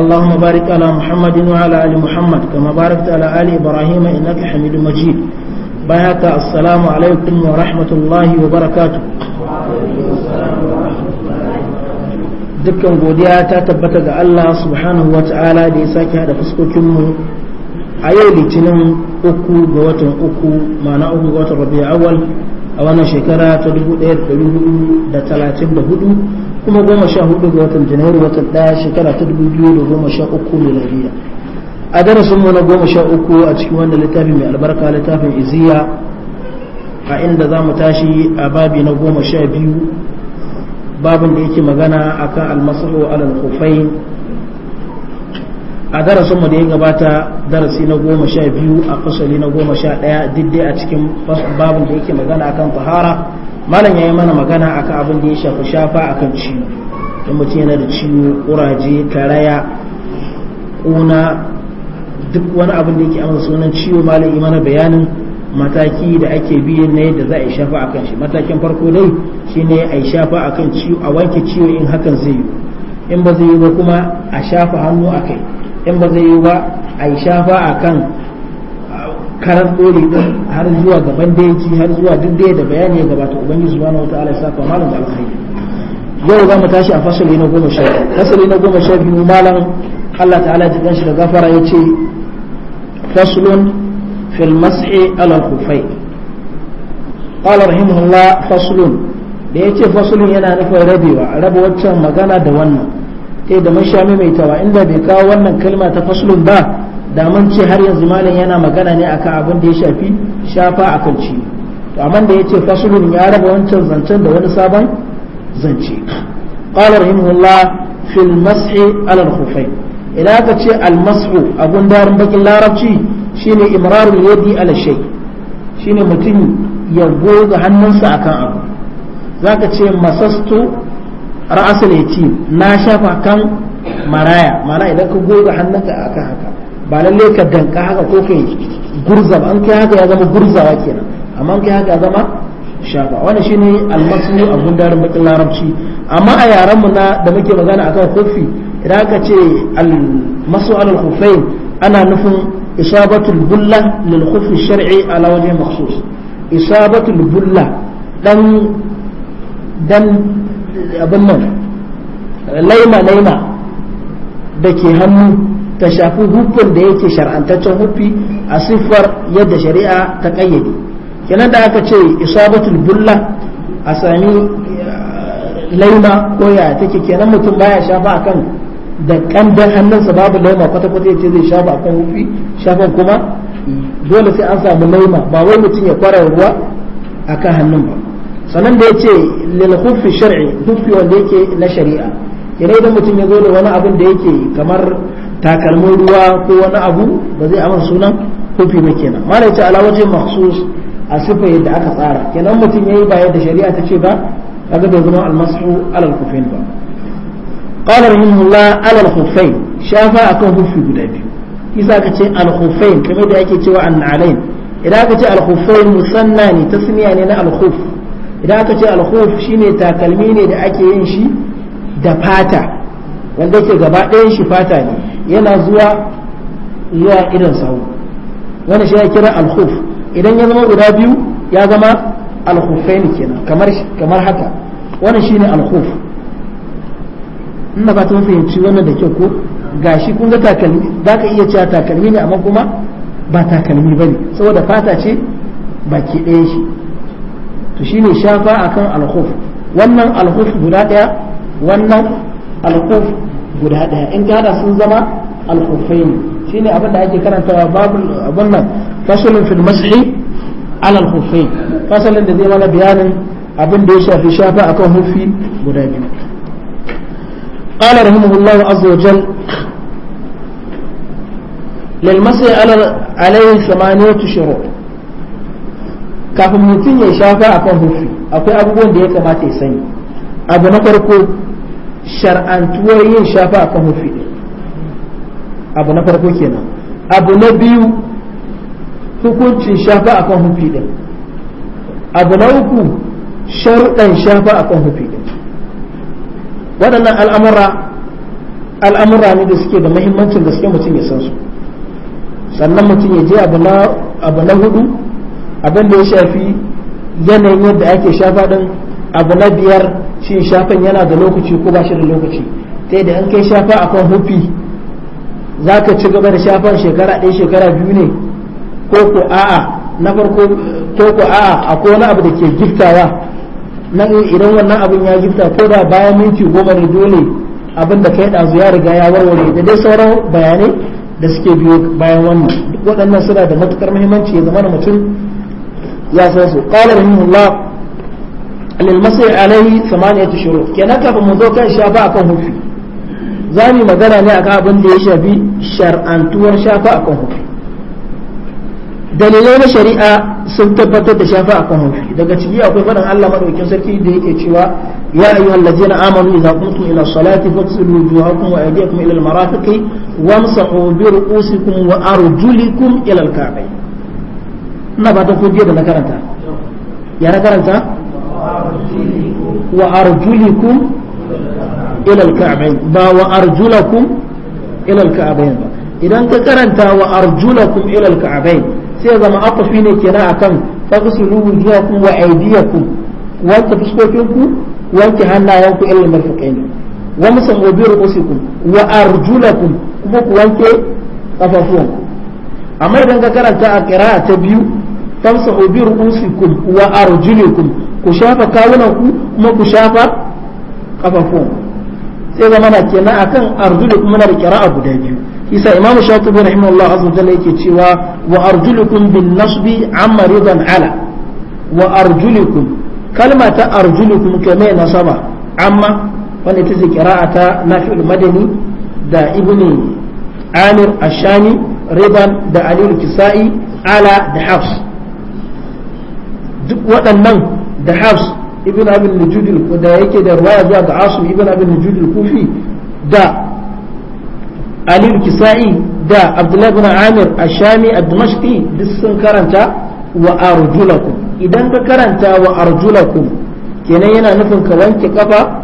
اللهم بارك على محمد وعلى آل محمد كما باركت على آل إبراهيم إنك حميد مجيد بارك السلام عليكم ورحمة الله وبركاته dukkan godiya ta tabbata ga Allah subhanahu wa ta'ala da ya sake hada fuskokinmu a yau litinin uku ga watan uku ma'ana uku ga watan rabi'a awal a wannan shekara ta 1434 kuma goma sha hudu ga watan janairu watan daya shekara ta dubu biyu da goma sha uku miladiya a darasin mu na goma sha uku a cikin wannan littafi mai albarka littafin iziya a inda za mu tashi a babi na goma sha biyu babin da yake magana a kan almasahu alal kufai a darasin mu da ya gabata darasi na goma sha biyu a fasali na goma sha ɗaya diddai a cikin babin da yake magana akan fahara malam ya yi mana magana akan abin da ya shafi shafa akan ciwo in mutum yana da ciwo kuraje karaya kuna duk wani abin da yake amsa sunan ciwo malam yi mana bayanin mataki da ake bi na yadda za a yi shafa akan shi matakin farko dai shine a yi shafa akan ciwo a wanke ciwo in hakan zai yi in ba zai yi ba kuma a shafa hannu a kai in ba zai yi ba a yi shafa akan karan dole har zuwa gaban daji har zuwa duk da da bayani ya gabata ubangiji subhanahu wataala ya saka malam da alkhairi yau za mu tashi a fasali na goma sha fasali na goma sha biyu malam Allah ta'ala ji kanshi da gafara ya ce faslun fil mas'i ala kufai qala rahimahullah faslun da ya ce faslun yana nufin rabewa raba waccan magana da wannan kai da mashami sha tawa inda bai kawo wannan kalma ta faslun ba da mun ce har yanzu malam yana magana ne akan abin da ya shafi shafa akan ci to amma da yace fasulun ya raba wancan zancen da wani sabon zance qala rahimahullah fil mas'i ala al idan aka ce al-mas'u abun darin bakin larabci shine imraru yadi ala shay shine mutum ya goga hannunsa akan abu zaka ce masastu ra'asul yatim na shafa kan maraya mana idan ka goga hannunka akan haka ba lalle ka danka haka ko kai gurza ba an kai haka ya zama gurzawa kenan amma an kai haka ya zama shafa wannan shine almasu a gundarin bakin larabci amma a yaran mu na da muke magana akan kofi idan aka ce almasu alal khuffain ana nufin isabatul bulla lil khuffi shar'i ala wajhi makhsus isabatul bulla dan dan abin nan laima laima da ke hannu ta shafi hukun da yake shar'antaccen hufi a siffar yadda shari'a ta kayyade kenan da aka ce isabatul bulla a sami eh, laima ko ya take kenan mutum baya shafa akan da kandan hannunsa babu laima kwata-kwata ya ce zai shafa akan huffi shafan kuma dole sai an samu laima ba wai mutum ya kwara ruwa akan hannun ba sannan da ya ce lil huffi shar'i huffi wanda yake na shari'a kenan idan mutum ya zo da wani abin da yake kamar takalmin ruwa ko wani abu ba zai amsa sunan kofi ba kenan mala yace ala wajhin makhsus a sifa yadda aka tsara kenan mutum yayi ba yadda shari'a ta ce ba kaga bai zama almasu ala alkufain ba qala rahimahullah ala alkhufain shafa akan hufi guda biyu isa ka ce alkhufain kamar da ake cewa annalain idan aka ce alkhufain musanna ne tasmiya ne na alkhuf idan aka ce alkhuf shine takalmi ne da ake yin shi da fata wanda ke gaba ɗayan shi fata ne yana zuwa zuwa idan sahu wani shi ya kira alkhuf idan ya zama guda biyu ya zama alkhufaini kenan kamar kamar haka shi shine alkhuf ina ba ta fahimci wannan da kyau ko gashi kun ga takalmi za ka iya cewa takalmi ne amma kuma ba takalmi ne saboda fata ce baki ɗaya shi to shine shafa akan alkhuf wannan al'huf guda ɗaya wannan al'huf. guda ɗaya in ka sun zama al-khuffain shine abin da ake karantawa babu abin nan fasalun fil mashi ala al-khuffain fasalin da zai mana bayanin abin da ya shafi shafa akan hufi guda biyu قال رحمه الله عز وجل للمسح عليه ثمانية شروط kafin mutum ya shafa a kan hufi akwai abubuwan da ya kamata ya sani abu na farko shar'antuwar yin shafa a kan hufi abu na farko kenan abu na biyu hukuncin shafa a kan hufi ɗin abu na uku sharuɗan shafa a kan hufi ɗin waɗannan al'amura al'amura ne da suke da mahimmancin suke mutum ya san su sannan mutum ya je abu na hudu abin da ya shafi yanayin yadda ake shafa ɗin abu na biyar shi shafan yana da lokaci ko ba shi da lokaci ta da an kai shafa a kan hufi za ka ci gaba da shafan shekara ɗaya shekara biyu ne ko ko a'a na farko ko ko a'a akwai wani abu da ke giftawa nan idan wannan abun ya gifta ko da bayan minti goma ne dole abin da kai ɗazu ya riga ya warware da dai sauran bayanai da suke biyo bayan wannan duk waɗannan suna da matukar muhimmanci ya zama mutum ya san su ƙalar rahimahullah lilmasai alaihi samaniyatu shuruf kenan kafin mu zo kan shafa akan hufi za mu magana ne akan abin da ya shafi shar'antuwar shafa akan hufi dalilai na shari'a sun tabbatar da shafa akan hufi daga ciki akwai faɗin Allah madaukakin sarki da yake cewa ya ayyuhal ladzina amanu idza qumtum ila salati faghsilu wujuhakum wa aydiyakum ila al-marafiqi wamsahu bi ru'usikum wa ina ba ta da na karanta ya na karanta wa arjulikum ila alka'bayn ba wa arjulakum ila alka'bayn ba idan ka karanta wa arjulakum ila alka'bayn sai zama aqafi ne kenan akan faghsilu wujuhakum wa aydiyakum wanke fuskokinku wanke hannayenku ila almarfaqayn wa musahu bi ru'usikum wa arjulakum kuma ka karanta a kira ta biyu famsahu ku shafa kawunan ku kuma ku shafa kafafun sai zama na kenan akan arjulukum muna da kira'a guda biyu isa imamu shatibi rahimahullah azza wajalla yake cewa wa arjulukum bin nasbi amma ridan ala wa arjulukum kalma ta arjulukum kamar nasaba amma wanda ita ce kira'a ta nafi'ul madani da ibni amir ashami ridan da aliyu kisai ala da hafs duk waɗannan da Hafs ibn Abin Najud da yake da ruwaya zuwa ga Asim ibn Abin Najud kufi da Ali Kisa'i da Abdullah ibn Amir Ashami ad-Dimashqi duk sun karanta wa arjulakum idan ka karanta wa arjulakum kenan yana nufin ka wanke kafa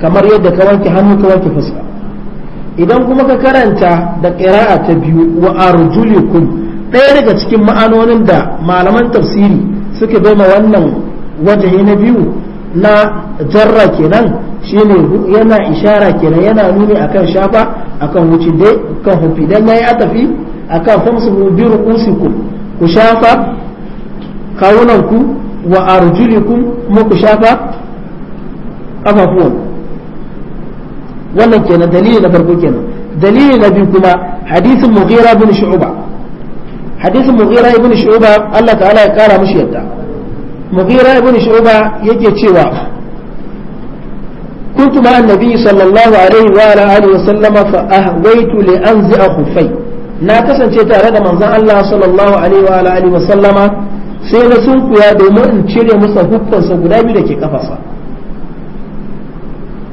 kamar yadda ka wanke hannu ka wanke fuska idan kuma ka karanta da ƙira'a ta biyu wa arjulikum ɗaya daga cikin ma'anonin da malaman tafsiri suka bai wannan wajahi na biyu na jarra kenan shine yana ishara kenan yana nuni akan shafa akan wuce dai kan hufi dan yayi atafi akan famsuhu bi ru'usikum ku shafa kawunanku wa arjulikum kuma ku shafa kafafuwan wannan kenan dalili na farko kenan dalili na biyu kuma hadisin mughira bin shu'ba hadisin mughira ibn shu'ba Allah ta'ala ya kara mishi yadda mughira ibn shu'ba yake cewa كنت مع النبي صلى الله عليه وعلى آله وسلم فأهويت لأنزع خفي na kasance tare da manzon Allah sallallahu alaihi wa alihi wa sallama sai na sunkuya domin in cire masa hukunsa guda biyu da ke kafasa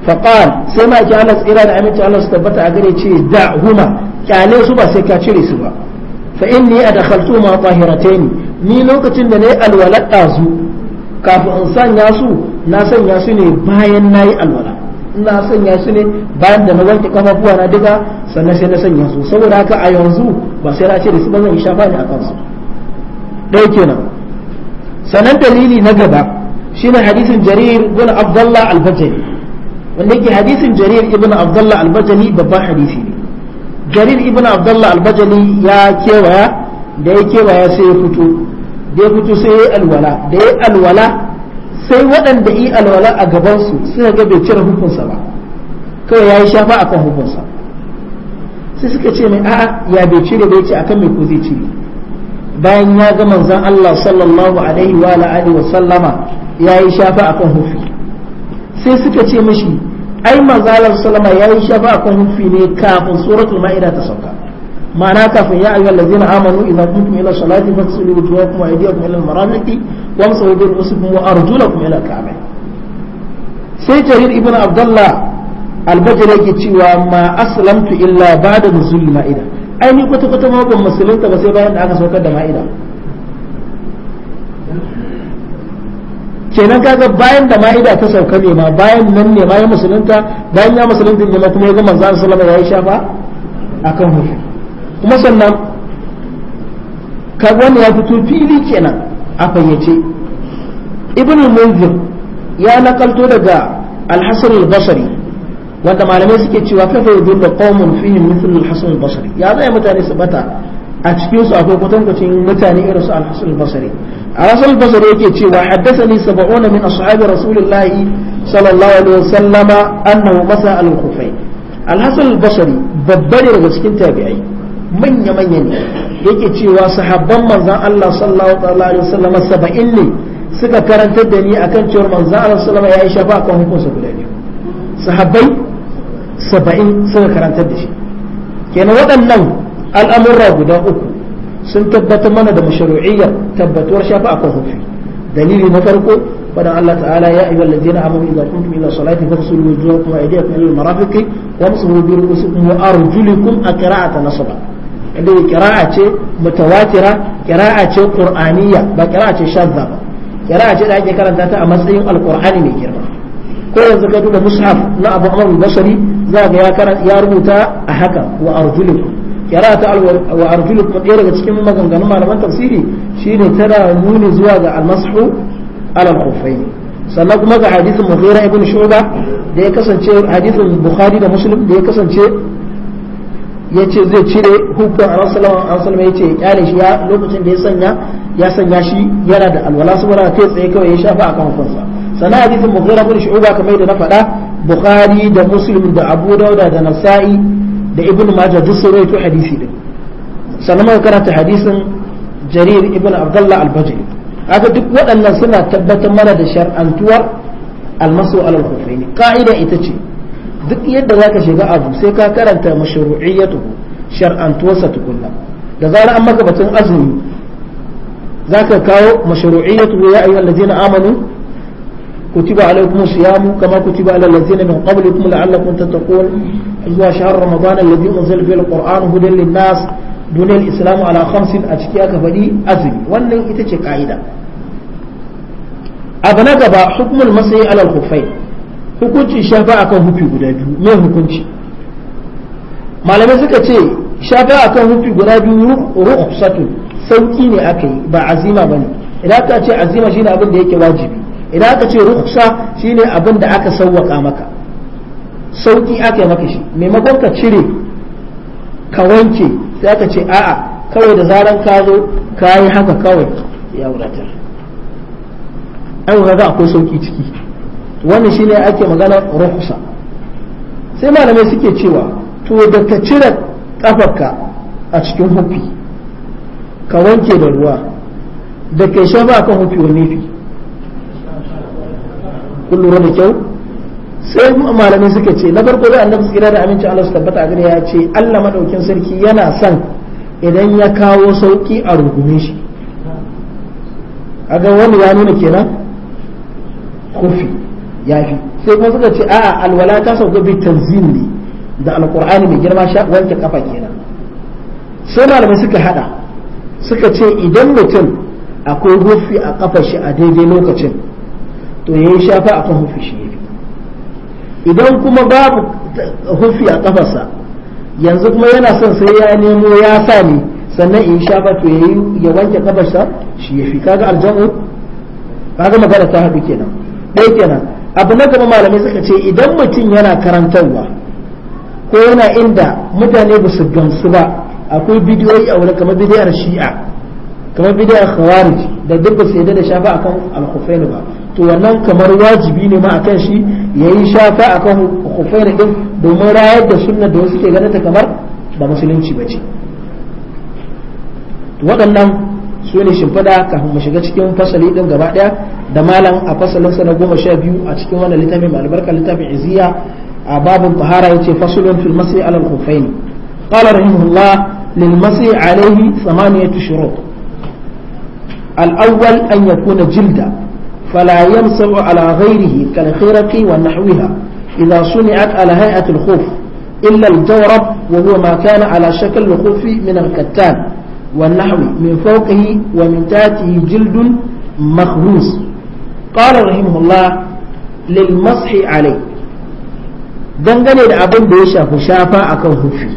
faqal sai ma ki Allah tsira da aminci Allah su tabbata a gare ce da'huma kyale su ba sai ka cire su ba fa inni adkhaltuhuma tahiratayn ni lokacin da nayi alwala dazu kafin in sanya su na sanya su ne bayan na yi alwala na sanya su ne bayan da na wanke kafafuwa na duka sannan sai na sanya su saboda haka a yanzu ba sai na ce da su ba zan yi shafa ne a kansu ɗaya kenan sannan dalili na gaba shine hadisin jarir ibn abdullah al-bajali wanda yake hadisin jarir ibn abdullah al-bajali babban hadisi ne jarir ibn abdullah al-bajali ya kewaya da ya kewaya sai ya fito da ya fito sai ya yi alwala da ya yi alwala sai waɗanda yi alwala a gabansu suna ga bai cire hukunsa ba kawai ya yi shafa akan hukunsa sai suka ce mai a'a ya bai cire bai ce akan mai ko zai cire bayan ya ga manzon Allah sallallahu alaihi wa alihi wa sallama ya yi shafa akan hufi sai suka ce mishi ai manzon Allah sallama ya yi shafa akan hufi ne kafin suratul ma'ida ta sauka ma'ana kafin ya ayyuhal na amanu idza qumtum ila salati faghsilu wujuhakum wa aydiyakum ila al-marafiqi wamsahu bi ru'usikum wa arjulakum ila al-ka'bayn sai jarir ibn abdullah albajir yake cewa ma aslamtu illa ba'da nuzul ma'ida ai ni kwata kwata ba sai bayan da aka da ma'ida kenan kaga bayan da ma'ida ta sauka ne ma bayan nan ne bayan musulunta bayan ya musulunta ne ma kuma ya zama zan sallallahu ya yi shafa akan hujja kuma sannan kaga ya fito fili kenan a fayyace ibn munzir ya nakalto daga al-hasan al-basri wanda malamai suke cewa kafa yadullu qaumun fihim mithlu al-hasan al-basri ya zai mutane su bata a cikin su akwai kwatankwacin mutane irin su al-hasan al-basri al-hasan al-basri yake cewa haddathani 70 min ashabi rasulillahi sallallahu alaihi wasallama annahu masa al-khufay al-hasan al-basri babbar daga cikin tabi'ai manya-manyan ne yake cewa sahabban manzan Allah sallallahu alaihi wasallam saba'in ne suka karantar da ni akan cewar manzan Allah sallallahu ya yi shafa kan hukunsa guda biyu sahabbai saba'in suka karantar da shi kenan waɗannan al'amurra guda uku sun tabbatar mana da mashru'iyyar tabbatuwar shafa a hukunci dalili na farko فدعا الله تعالى يا أيها الذين آمنوا إذا قمتم إلى الصلاة فاغسلوا وجوهكم وأيديكم إلى المرافق وامسحوا برؤوسكم نصبا inda kira'a ce mutawatira kira'a ce qur'aniyya ba kira'a ce shadda ba kira'a ce da ake karanta ta a matsayin alqur'ani mai girma ko yanzu ka duba mushaf na Abu Amr Basri za ga ya karanta ya rubuta a haka wa arjulukum kira'a ta wa arjulukum daga cikin maganganun malaman tafsiri shine tana nuni zuwa ga almashu ala al sannan kuma ga hadisin Mughira ibn Shu'ba da ya kasance hadisin Bukhari da Muslim da ya kasance ya ce zai cire hukun a rasulama ya ce ya kyale shi ya lokacin da ya sanya ya sanya shi yana da alwala saboda kai tsaye kawai ya shafa akan hukunsa sannan hadisin mughira bin shu'ba kamar da na faɗa bukhari da muslim da abu dauda da nasa'i da ibn majah duk sun rawaito hadisi din sannan muka karanta hadisin jarir ibn abdullah al-bajri haka duk waɗannan suna tabbatar mana da shar'antuwar almaso alal khufaini ka'ida ita ce duk yadda zaka shiga abu sai ka karanta mashru'iyyatu shar'antuwarsa tukunna da zarar an maka batun azumi zaka kawo mashru'iyyatu ya ayyuhal ladina amanu kutiba alaykum siyamu kama kutiba alal ladina min qablikum la'allakum tattaqun zuwa shahr ramadan alladhi unzila fihi alquran hudan lin-nas duniyar islam ala khamsin a ciki aka faɗi azumi wannan ita ce ka'ida abu na gaba hukumul masai alal kufai hukuncin shafa akan hufi guda biyu me hukunci malamai suka ce shafa akan hufi guda biyu rukhsatu sauki ne aka yi ba azima ba ne idan aka ce azima shine abin da yake wajibi idan aka ce rukhsa shine abin da aka sauwaka maka sauki aka yi maka shi maimakon ka cire ka wanke sai aka ce a'a kawai da zaran ka zo ka yi haka kawai ya wadatar an ga akwai sauki ciki wannan ne ake magana rukhsa sai malamai suke cewa to da ka cire kafarka a cikin hufi ka wanke da ruwa da kai ba kan hufi wani fi kullum da kyau sai malamai suka ce na farko zai annabi tsira da amincin Allah su tabbata a ya ce Allah madaukin sarki yana son idan ya kawo sauki a rukunin shi a ga wani ya nuna kenan kofi ya fi sai kuma suka ce a'a alwala ta sauka bi tanzim ne da alqur'ani mai girma sha wanke kafa kenan sai malamai suka hada suka ce idan mutum akwai hufi a kafa shi a daidai lokacin to yayi shafa akan hufi shi idan kuma babu hufi a kafarsa yanzu kuma yana son sai ya nemo ya sa ne sannan in shafa to yayi ya wanke kafarsa shi yafi kaga aljamu kaga magana ta haɗu kenan ɗaya kenan abu na gaba malamai suka ce idan mutum yana karantarwa ko yana inda mutane ba su gamsu ba akwai bidiyoyi a wani kamar bidiyar shi'a kamar bidiyar khawarij da duk ba su yadda da shafa akan al ba to wannan kamar wajibi ne ma akan shi yayi shafa akan khufain din domin rayar da sunna da wasu ke ganin kamar ba musulunci ba ce waɗannan su ne shimfiɗa kafin mu shiga cikin fasali ɗin gaba ɗaya da malam a fasalinsa na goma sha biyu a cikin wannan littafin mai albarka littafin iziya a babin tahara yace fasulun fil masai ala al-khuffain qala rahimahullah lil masai alayhi thamaniyatu shurut al-awwal an yakuna jilda فلا يمسح على غيره كالخرق ونحوها إذا صنعت على هيئة الخوف إلا الجورب وهو ما كان على شكل الخوف من الكتان والنحو من فوقه ومن تحته جلد مخروس qala rahimahullah lil mashi alai dangane da abin da ya shafi shafa kan hufi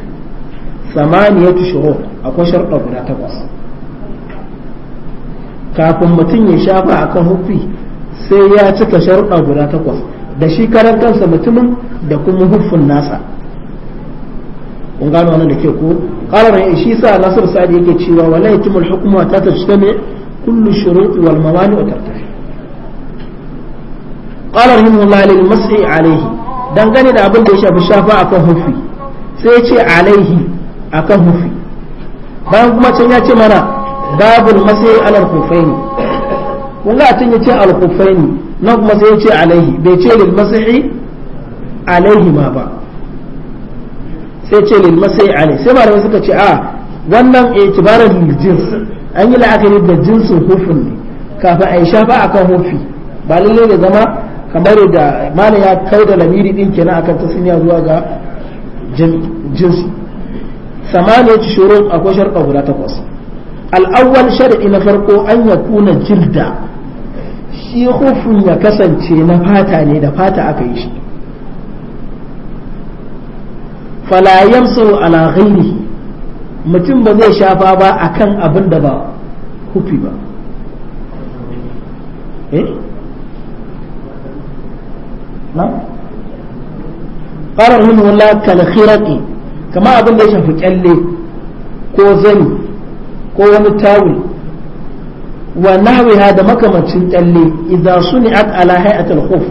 samaniyatu shurut akwai sharɗa guda takwas kafin mutum ya shafa akan hufi sai ya cika sharuɗa guda takwas da shi karan kansa mutumin da kuma huffin nasa kun gano wannan da ke ko qala shi sa nasir sa'id yake cewa wala yatimul hukmu ta ne kullu shuruti wal mawani wa tartah qala rahimahullah lil mas'i alaihi dangane da abin da ya shafi shafa akan hufi sai ya ce alaihi akan hufi bayan kuma can ya ce mana babul mas'i alal hufaini kun ga tun ya ce al hufaini nan kuma sai ya ce alaihi bai ce lil mas'i alaihi ma ba sai ce lil masai alai sai malamai suka ce a ah, wannan itibarar lil jins an yi la'akari da jinsin hufin ne kafin a yi shafa akan hufi ba lalle ne zama kamar da malam ya kai da lamiri din kenan akan tasniya zuwa ga jinsi ci shurut akwai sharɗa guda takwas al'awwal shar'i na farko an ya kuna jilda shi hufin ya kasance na fata ne da fata aka yi shi fala sau ala ghairi mutum ba zai shafa ba akan abin da ba hufi ba eh قال رحمه الله كالخرق كما أظن ليش في كالي كوزن كون تاول ونحو هذا ما كما تشتلي إذا صنعت على هيئة الخوف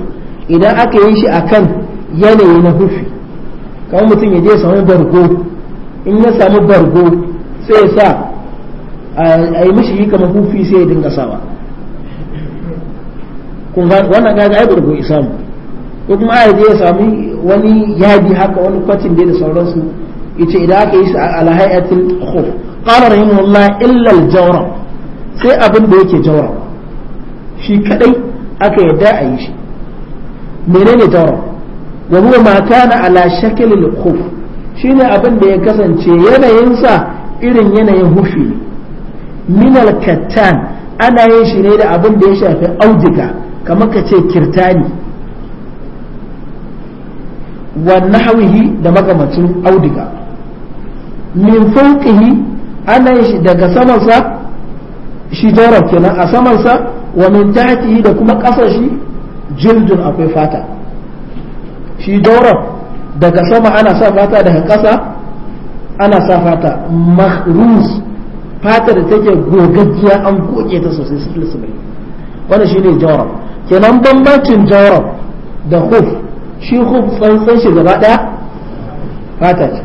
إذا أكيش أكن يلي نهوفي كما متن يجي سامي برغو إن سامي برغو سيسا أي مشي كما هوفي سيدن قصاوة wannan ga ga ai burgo isamu ko kuma a ya sami wani yadi haka wani kwacin da sauransu yace idan aka yi shi ala hay'atil khuf qala rahimahullah illa al jawra sai abin da yake jawra shi kadai aka yadda a yi shi menene jawra wa huwa ma kana ala shakl al khuf shine abin da ya kasance yanayin sa irin yanayin hufi min al kattan ana yin shi ne da abin da ya shafi auduga kamar ka ce kirtani wa nahwihi da makamancin auduga min fawqihi ana shi daga saman sa shi jarar kenan a saman sa wa min tahtihi da kuma ƙasar shi jildun akwai fata shi jarar daga sama ana sa fata daga ƙasa ana sa fata mahrus fata da take gogaggiya an goge ta sosai sifil sifil wannan shine jarar kenan bambancin jarar da khuf shi khuf tsantsan shi gaba daya fata ce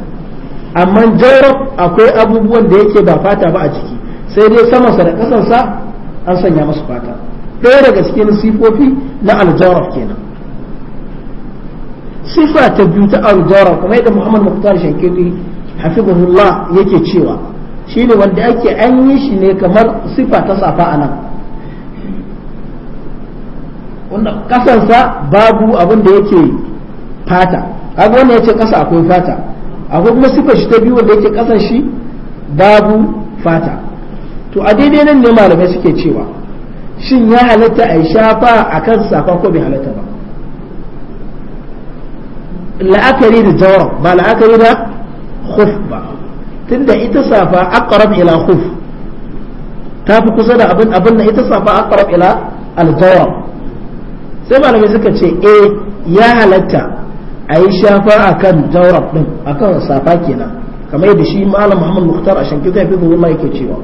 amma jawrab akwai abubuwan da yake ba fata ba a ciki sai dai samansa da sa an sanya masu fata ɗaya daga cikin sifofi na aljarrab kenan sifa ta biyu ta aljawrab kuma yadda muhammad muktar shankiri hafizahullah yake cewa shine wanda ake an yi shi ne kamar sifa ta safa a nan kasansa babu abin da yake fata kaga wanda yace kasa akwai fata akwai kuma sifar shi ta biyu wanda yake kasan shi babu fata to a daidai nan ne malamai suke cewa shin ya halatta a shafa a kan safa ko bai halatta ba la'akari da jawab ba la'akari da khuf ba tunda ita safa aqrab ila khuf ta fi kusa da abin abin da ita safa aqrab ila al-jawab sai malamai suka ce eh ya halatta a yi shafa a kan jawrab ɗin a kan safa kenan kamar yadda shi malam muhammad muhtar a shankita ya fi zuwa yake cewa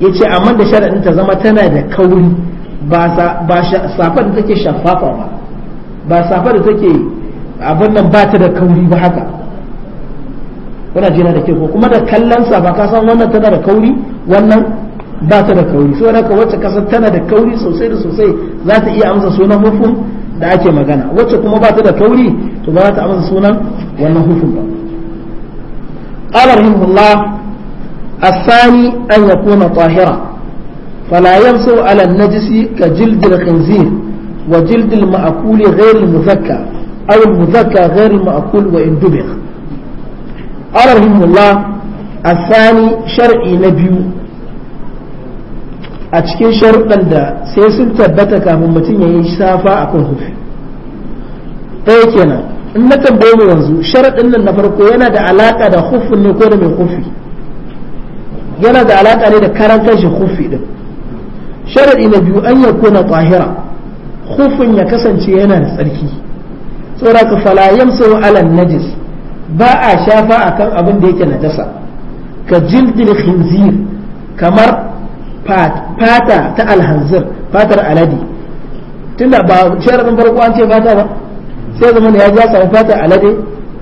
ya ce amma da sharaɗin ta zama tana da kauri ba safa da take shafafa ba ba safa da take abin nan ba ta da kauri ba haka kuna jina da ke ko kuma da kallon safa ka san wannan tana da kauri wannan ba ta da kauri so haka wacce kasar tana da kauri sosai da sosai za ta iya amsa sunan hufun da ake magana wacce kuma ba ta da kauri to ba ta amsa sunan wannan hufun ba qala rahimahullah الثاني أن يكون طاهرا فلا ينصر على النجس كجلد الخنزير وجلد المأكول غير المذكى أو المذكى غير المأكول وإن دبغ قال رحمه الله الثاني شرعي نبي a cikin sharuɗan da sai sun tabbata kafin mutum ya yi safa a kan hufi ɗaya kenan in na tambaye mu yanzu sharaɗin nan na farko yana da alaƙa da hufin ne ko da mai hufi yana da alaƙa ne da karan hufi ɗin sharaɗi na biyu an ya na ƙwahira hufin ya kasance yana da tsarki saboda ka fala yamsu alan najis ba a shafa akan abin da yake najasa ka jildil khinzir kamar fata ta alhanzir fatar aladi tunda ba sharadin farko an ce fata ba sai zama ya ja samu fatar alade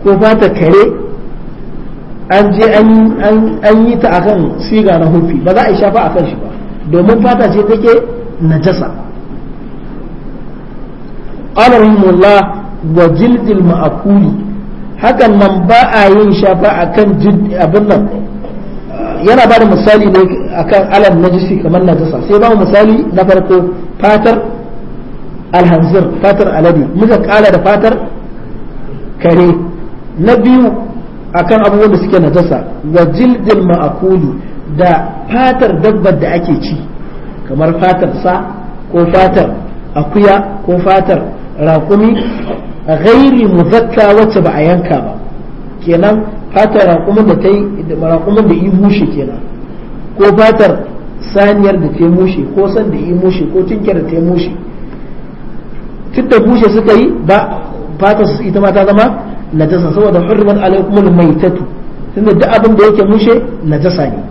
ko fatar kare an je an yi ta akan siga na hufi ba za a yi shafa akan shi ba domin fata ce take najasa qala rahimullah wa jildil ma'akuli hakan nan ba a yin shafa akan abin nan yana ba da misali ne akan alal najisi kamar najasa sai ba misali na farko fatar alhanzir fatar alade muka kala da fatar kare na biyu akan abubuwan da suke najasa wa jildil ma'akuli da fatar dabbar da ake ci kamar fatar sa ko fatar akuya ko fatar raƙumi ghairi muzakka wacce ba a yanka ba kenan fatar raƙumin da ta yi raƙumin da yi mushe kenan ko fatar saniyar da ta yi mushe ko san da yi mushe ko tinkiyar da ta yi mushe duk da bushe suka yi ba fatar su ita ma ta zama najasa saboda hurriman alaikumul maitatu tunda duk abin da yake mushe najasa ne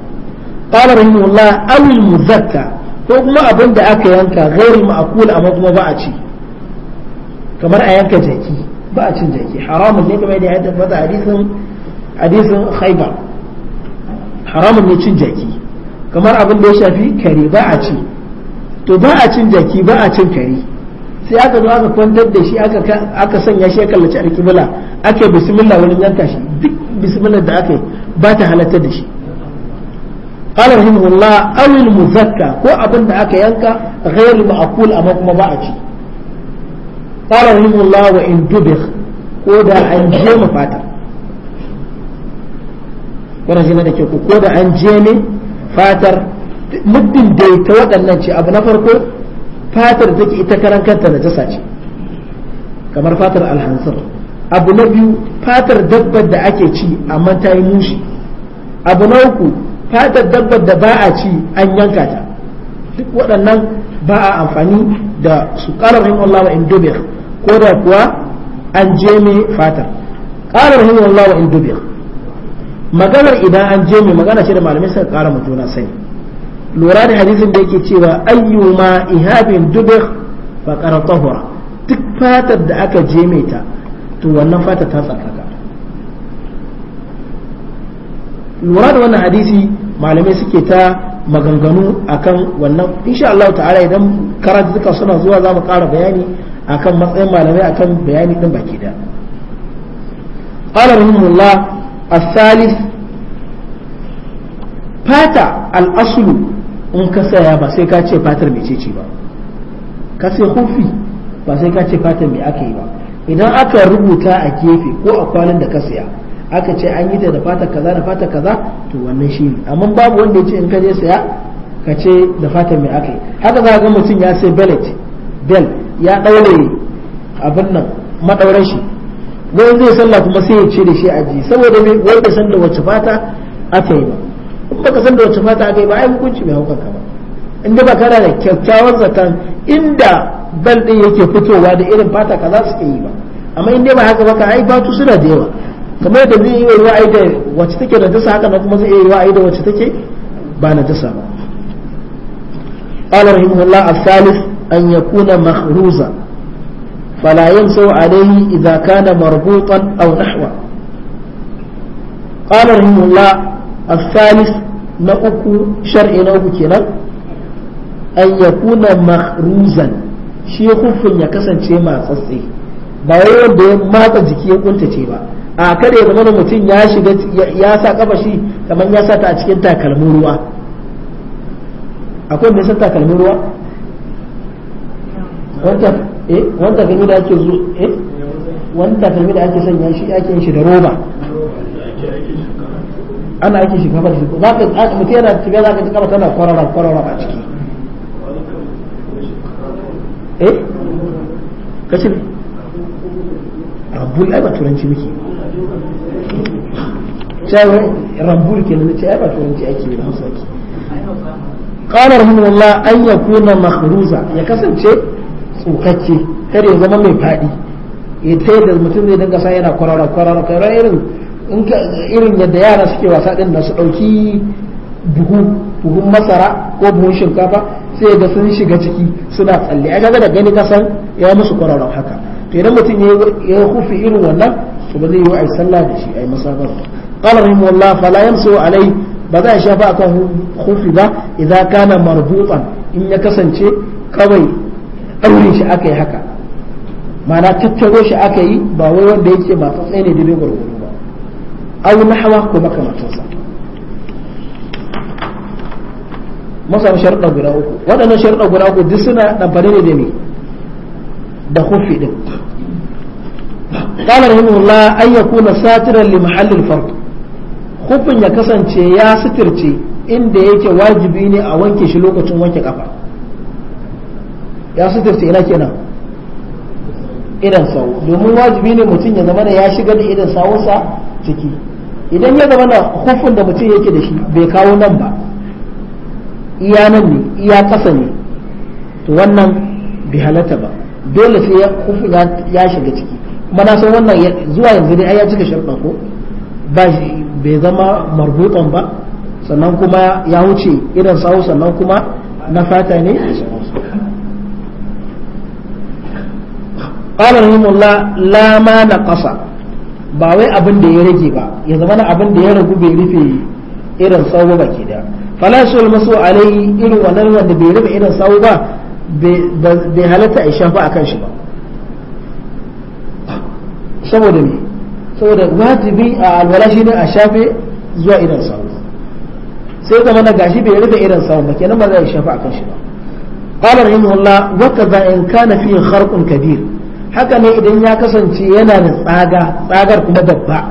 qala rahimahullah awil muzakka ko kuma abin da aka yanka ghairul ma'kul a kuma ba a ci kamar a yanka jaki ba a cin jaki haramun ne kamar da ya tabbata hadisin hadisin khaibar haramun ne cin jaki kamar abin da ya shafi kare ba a ci to ba a cin jaki ba a cin kare sai aka zo aka kwantar da shi aka sanya shi aka kallaci alkibila aka yi bismillah wani yanka shi duk bismillah da aka yi ba ta halatta da shi قال رحمه الله أو المزكى هو أبن أكا ينكا غير معقول أما كما باعتي qala rahimullah wa in dubikh ko da an je mu fata wannan jina da ke ku ko da an je ne fatar muddin dai ta waɗannan ce abu na farko fatar take ita karan kanta najasa ce kamar fatar alhansir abu na biyu fatar dabbar da ake ci amma ta yi mushi abu na uku fatar dabbar da ba a ci an yanka ta duk waɗannan ba a amfani da su ƙarar Allah wa indobiyar ko da kuwa an je mai fatar qala rahimahullah wa in dubiya maganar idan an je mai magana shi da malamai suka ƙara kara mutuna sani lura da hadisin da yake cewa ayyuma ihabin dubih fa qara tahura duk fatar da aka je mai ta to wannan fatar ta tsarkaka lura da wannan hadisi malamai suke ta maganganu akan wannan insha Allah ta'ala idan karatuka suna zuwa za mu ƙara bayani akan matsayin malamai akan bayani din baki da qala asalis as-salis fata al-aslu in ka saya ba sai ka ce fatar mai cece ba ka sai hufi ba sai ka ce fatar mai aka yi ba idan aka rubuta a gefe ko a kwanan da ka saya aka ce an yi ta da fata kaza da fata kaza to wannan shi ne amma babu wanda ya ce in ka je saya ka ce da fata mai aka yi haka za ga mutum ya sai belt bel ya ɗaure abin nan madauran shi wani zai sallah kuma sai ya ce da shi aji saboda mai wanda san da wace fata aka yi ba in baka san da wace fata aka yi ba ai hukunci mai haukanka ba inda ba kana da kyakkyawan zaton inda bal din yake fitowa da irin fata kaza ka yi ba amma in dai ba haka baka ai batu suna da yawa kamar da zai yi wa ra'ayi da wacce take najasa haka na kuma zai yi wa da wacce take ba najasa ba قال رحمه الله الثالث أن يكون مخروزا فلا ينسو عليه إذا كان مربوطا أو نحوه قال رحمه الله الثالث نأكو شرع نأكو كنا أن يكون مخروزا شيخ hufin ya kasance matsatsi ba da wanda ya matsa jiki ya kunta ce ba a kada ya zama mutum ya shiga ya sa kafa shi kamar ya sa ta a cikin takalmin ruwa akwai da ya sa takalmin ruwa wanda eh wanda gani da ake zo eh wanda kalmi da ake sanya shi ake yin shi da roba ana ake shi kafa da shi za ka mutum yana shiga za ka ji kafa tana kwarara kwarara a ciki eh kace ne rabbul ai ba turanci muke cewa rabbul ke nan cewa ba turanci ake da hausa ke qala rahimahullah an yakuna makhruza ya kasance tsukacce kar ya zama mai faɗi ya ta yadda mutum zai dinga sa yana kwarara kwarara kwarara irin irin yadda yara suke wasa din da su ɗauki buhu buhun masara ko buhun shinkafa sai ga sun shiga ciki suna tsalle aka ga da gani kasan ya musu kwarara haka to idan mutum ya kufi irin wannan to ba zai yi wa ai sallah da shi ai masabar qala rahimahullah fala yamsu alai ba za a shafa akan kufi ba idan kana marbutan in ya kasance kawai ɗaurin shi aka yi haka ma'ana tattaro shi aka yi ba wai wanda yake tsaye ne daidai gwargwado ba au na hawa ko makamantansa masa sharɗa guda uku waɗannan sharɗa guda uku duk suna ɗamfani ne da ni da hufi ɗin قال رحمه الله أن يكون ساترا ya kasance ya يكسن inda yake wajibi ne a wanke shi lokacin wanke kafa. ya suturta ina kenan idan sawo domin wajibi ne mutum ya zama ya shiga da idan sawonsa ciki idan ya zama na hufun da mutum yake da shi bai kawo nan ba iya nan ne iya kasa ne to wannan bai halatta ba dole sai hufun ya shiga ciki kuma na san wannan zuwa yanzu dai ya cika sharɗa ko ba bai zama marbutan ba sannan kuma ya wuce idan sawo sannan kuma na fata ne qala rahimullah la ma ƙasa ba wai abin da ya rage ba ya zama na abin da bai rufe irin tsawo ba ke da fala shul masu alai irin wannan wanda bai rufe irin tsawo ba bai halatta a shafa shi ba saboda me saboda wajibi a shi ne a shafe zuwa irin sai zama na gashi bai rufe irin tsawo ba kenan ba za a shafa akan shi ba qala rahimahullah wa kaza in kana fi kharqun kabir haka ne idan ya kasance yana da tsaga tsagar kuma babba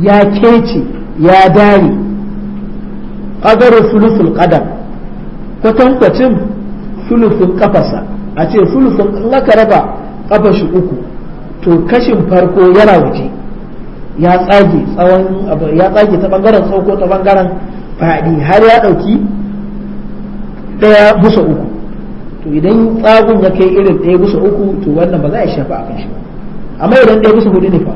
ya kece ya dare qadaru sulusul ƙadar kwatankwacin sulusun kafasa a ce sulusun laka raba kafashi uku to kashin farko yana waje ya tsage tsawon ya tsage ta bangaren tsoko ta bangaren faɗi har ya ɗauki ɗaya busa uku to idan tsagun ya kai irin ɗaya bisa uku to wannan ba za a shafa a kan shi amma idan ɗaya bisa hudu ne fa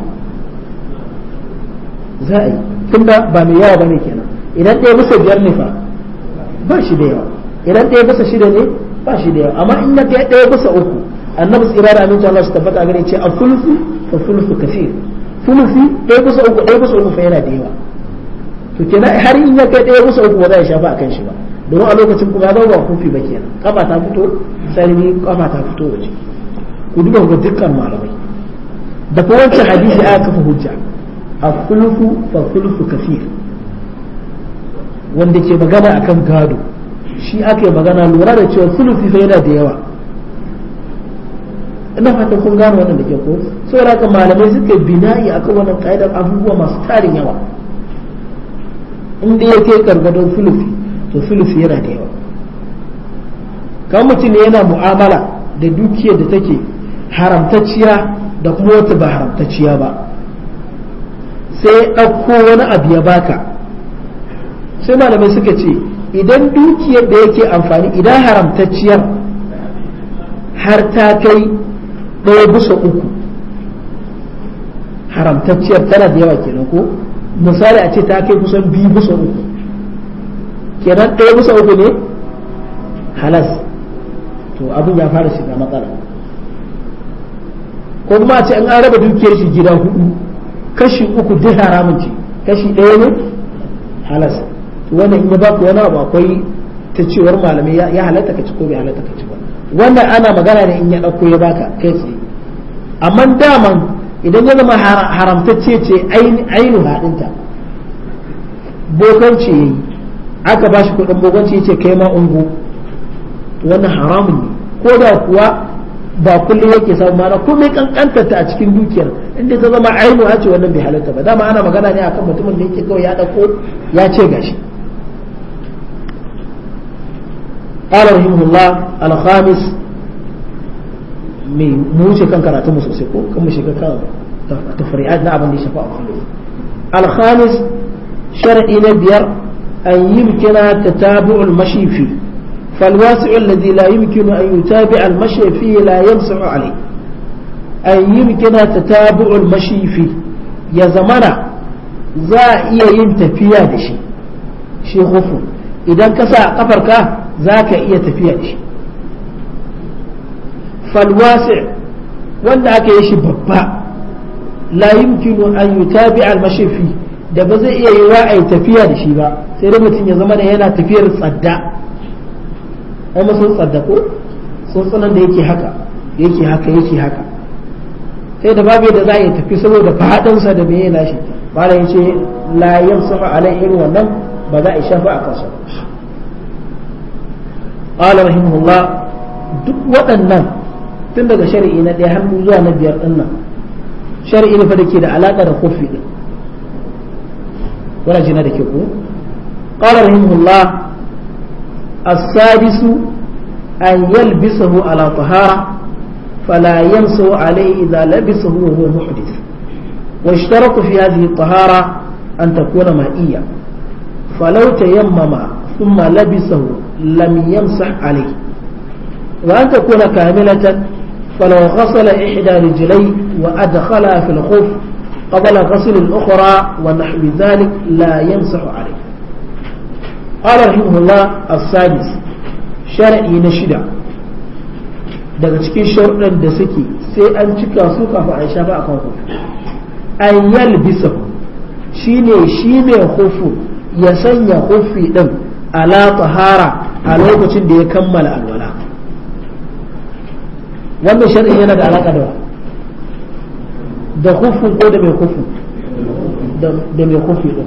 za a yi tunda ba mai yawa ba ne kenan idan ɗaya bisa biyar ne fa ba shi da yawa idan ɗaya bisa shida ne ba shi da yawa amma in na kai ɗaya bisa uku annabi tsira da aminci Allah su tabbata gare ce a fulfu fa fulfu kafir fulfi ɗaya bisa uku ɗaya bisa uku fa yana da yawa to kenan har in ya kai ɗaya bisa uku ba za a shafa a kan shi ba domin a lokacin ku gaba ba kofi ba kenan kafa ta fito sarmi kafa ta fito waje ku duba ga dukkan malamai da kuma wancan hadisi aka kafa hujja a kulufu fa kulufu kafir wanda ke magana akan gado shi aka yi magana lura da cewa sulusi sai yana da yawa ina fatan kun gano wannan da ke ko saboda haka malamai suka bina'i akan wannan ka'idar abubuwa masu tarin yawa inda ya kai gargadon sulusi to sulusi yana da yawa kan mutum ne yana mu'amala da dukiyar da take haramtacciya da kuma wata ba haramtacciya ba sai ɗauko wani abu ya baka sai malamai suka ce idan dukiyar da yake amfani idan haramtacciyar har ta kai ɗaya bisa uku haramtacciyar tana da yawa kenan ko misali a ce ta kai kusan biyu bisa uku kenan ɗaya bisa uku ne halas to abin ya fara shiga matsala ko kuma a ce an araba dukiyar shi gida hudu kashi uku duk haramun ce kashi ɗaya ne halas to wannan in ya ku wani abu akwai ta cewar malamai ya halatta ka ci ko bai halatta ka ci ba wannan ana magana ne in ya ɗauko ya baka kai tsaye amma daman idan ya zama haramtacce ce ainihin haɗinta bokan ce. yi aka shi kuɗin bogonci ce kai ma ungo wannan haramun ne ko da kuwa ba kullum yake samu mana komai kankantar ta a cikin dukiyar inda ta zama ainu a ce wannan bai halatta ba dama ana magana ne akan mutumin da yake kawai ya dauko ya ce gashi قال رحمه الله الخامس من موسى كان كم كان تفريعات نعم شفاء الخامس أن يمكن تتابع المشي فيه فالواسع الذي لا يمكن أن يتابع المشي فيه لا يمسع عليه أن يمكن تتابع المشي فيه يا زمانا زائي يمتفي هذا شيء غفو إذا كسا قفرك ذاك يتفي هذا فالواسع ولا كيش ببا لا يمكن أن يتابع المشي فيه da ba zai iya yi wa a yi tafiya da shi ba sai da mutum ya zama da yana tafiyar tsadda amma sun tsadda ko tsanan da yake haka yake haka yake haka sai da babu da za a yi tafi saboda faɗinsa da mai yana shi ba da yace la yin a alai irin wannan ba za a yi shafa a kansa ala rahimahullah duk waɗannan tun daga shari'i na ɗaya har zuwa na biyar ɗin nan shari'i ne fa da ke da alaƙa da kofi ɗin ولا jina da ke ku qala السادس أن يلبسه على طهارة فلا ينسو عليه إذا لبسه وهو محدث واشترط في هذه الطهارة أن تكون مائية فلو تيمم ثم لبسه لم يمسح عليه وأن تكون كاملة فلو غسل إحدى رجليه وأدخلها في الخف قبل غسل الأخرى ونحو ذلك لا يمسح عليه قال رحمه الله السادس شرعي نشدة daga cikin sharuɗan da suke sai an cika su kafin a shafa a kan hufu an yalbisa shi ne shi mai hufu ya sanya hufi ɗin ala tahara a lokacin da ya kammala alwala wannan shari'a yana da alaƙa da wa da hufu ko da mai hufu da mai hufi din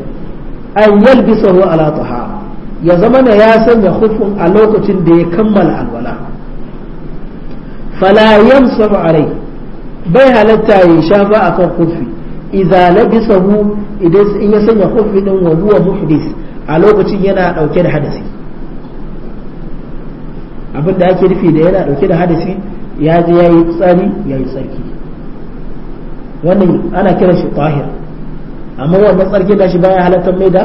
an yalbisa ruwa ala tahara ya zama na ya sanya hufun a lokacin da ya kammala alwala fala yamsahu alai bai halatta ya shafa akan hufi idza labisahu idan in ya sanya hufi din wa huwa muhdis a lokacin yana dauke da hadasi abin da ake nufi da yana dauke da hadasi ya je ya yi tsari ya yi tsarki wannan ana kiran shi tahir amma wannan tsarki da shi baya halatta mai da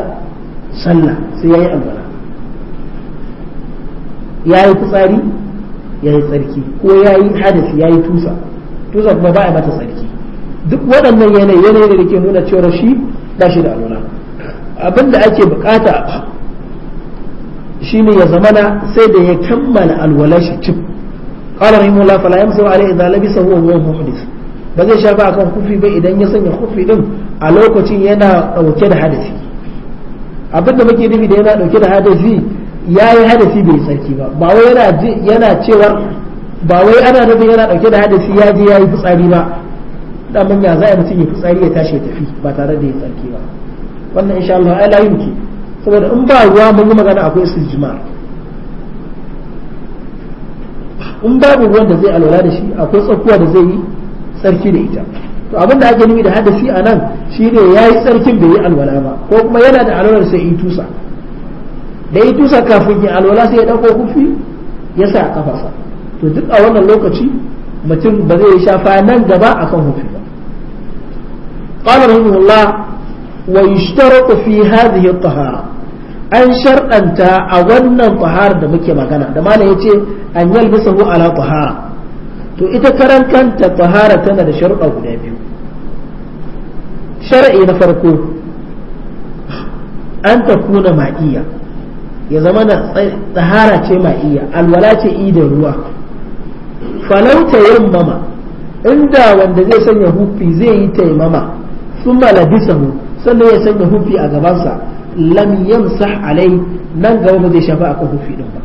sallah sai yayi alwala yayi fitsari yayi tsarki ko yayi hadasi yayi tusa tusa kuma baya mata tsarki duk waɗannan yanayi yanayi da ke nuna cewa shi ba shi da alwala abin da ake bukata shine ya zamana sai da ya kammala alwala shi cif قال رحمه الله فلا يمسح عليه إذا لبسه وهو محدث ba zai shafa akan kufi ba idan ya sanya kufi din a lokacin yana dauke da hadisi abin da muke nufi da yana dauke da hadisi ya yi hadasi bai tsarki ba ba wai yana yana cewar ba wai ana nufin yana dauke da hadisi ya je ya yi fitsari ba mun ya za a mutum ya fitsari ya tashi ya tafi ba tare da ya tsarki ba wannan insha Allah ai la yumki saboda in ba ruwa mun yi magana akwai istijmar in babu ruwan da zai alwala da shi akwai tsakuwa da zai yi tsarki da ita to abin da ake nufi da hadasi a nan shine ya yi tsarkin bai yi alwala ba ko kuma yana da alwalar sai yi tusa da yi tusa kafin ya alwala sai ya ɗauko kufi ya sa a kafarsa to duk a wannan lokaci mutum ba zai shafa nan gaba akan hufi ba قال an الله a wannan هذه da muke magana da طهارة ya ce an يتي أن يلبسه ala طهارة to ita karan kanta tahara tana da sharuɗa guda biyu shar'i na farko an takuna kuna ya zama na tahara ce ma'iya alwala ce i da ruwa falauta yin mama inda wanda zai sanya hufi zai yi taimama sun malabisahu sannan ya sanya hufi a gabansa lam yamsah alai nan gaba ba zai shafa akan hufi din ba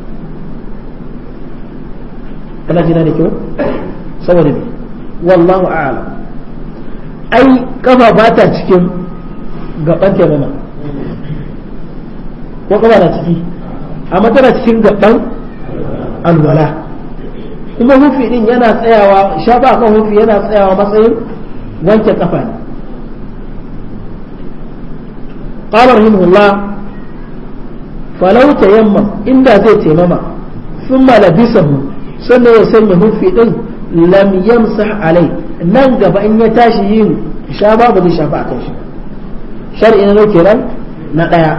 kana jina da kyau saboda me wallahu a'lam ai kafa ba ta cikin gaban taimama ko kafa na ciki amma tana cikin gaban alwala kuma hufi din yana tsayawa shafa kan hufi yana tsayawa matsayin wanke kafa ne قال رحمه الله فلو تيمم إلا زي تيمم ثم لبسه sannan ya sanya hufi din lam yamsah alai nan gaba in ya tashi yin shafa ba zai shafa akan shi shar'i na kenan na daya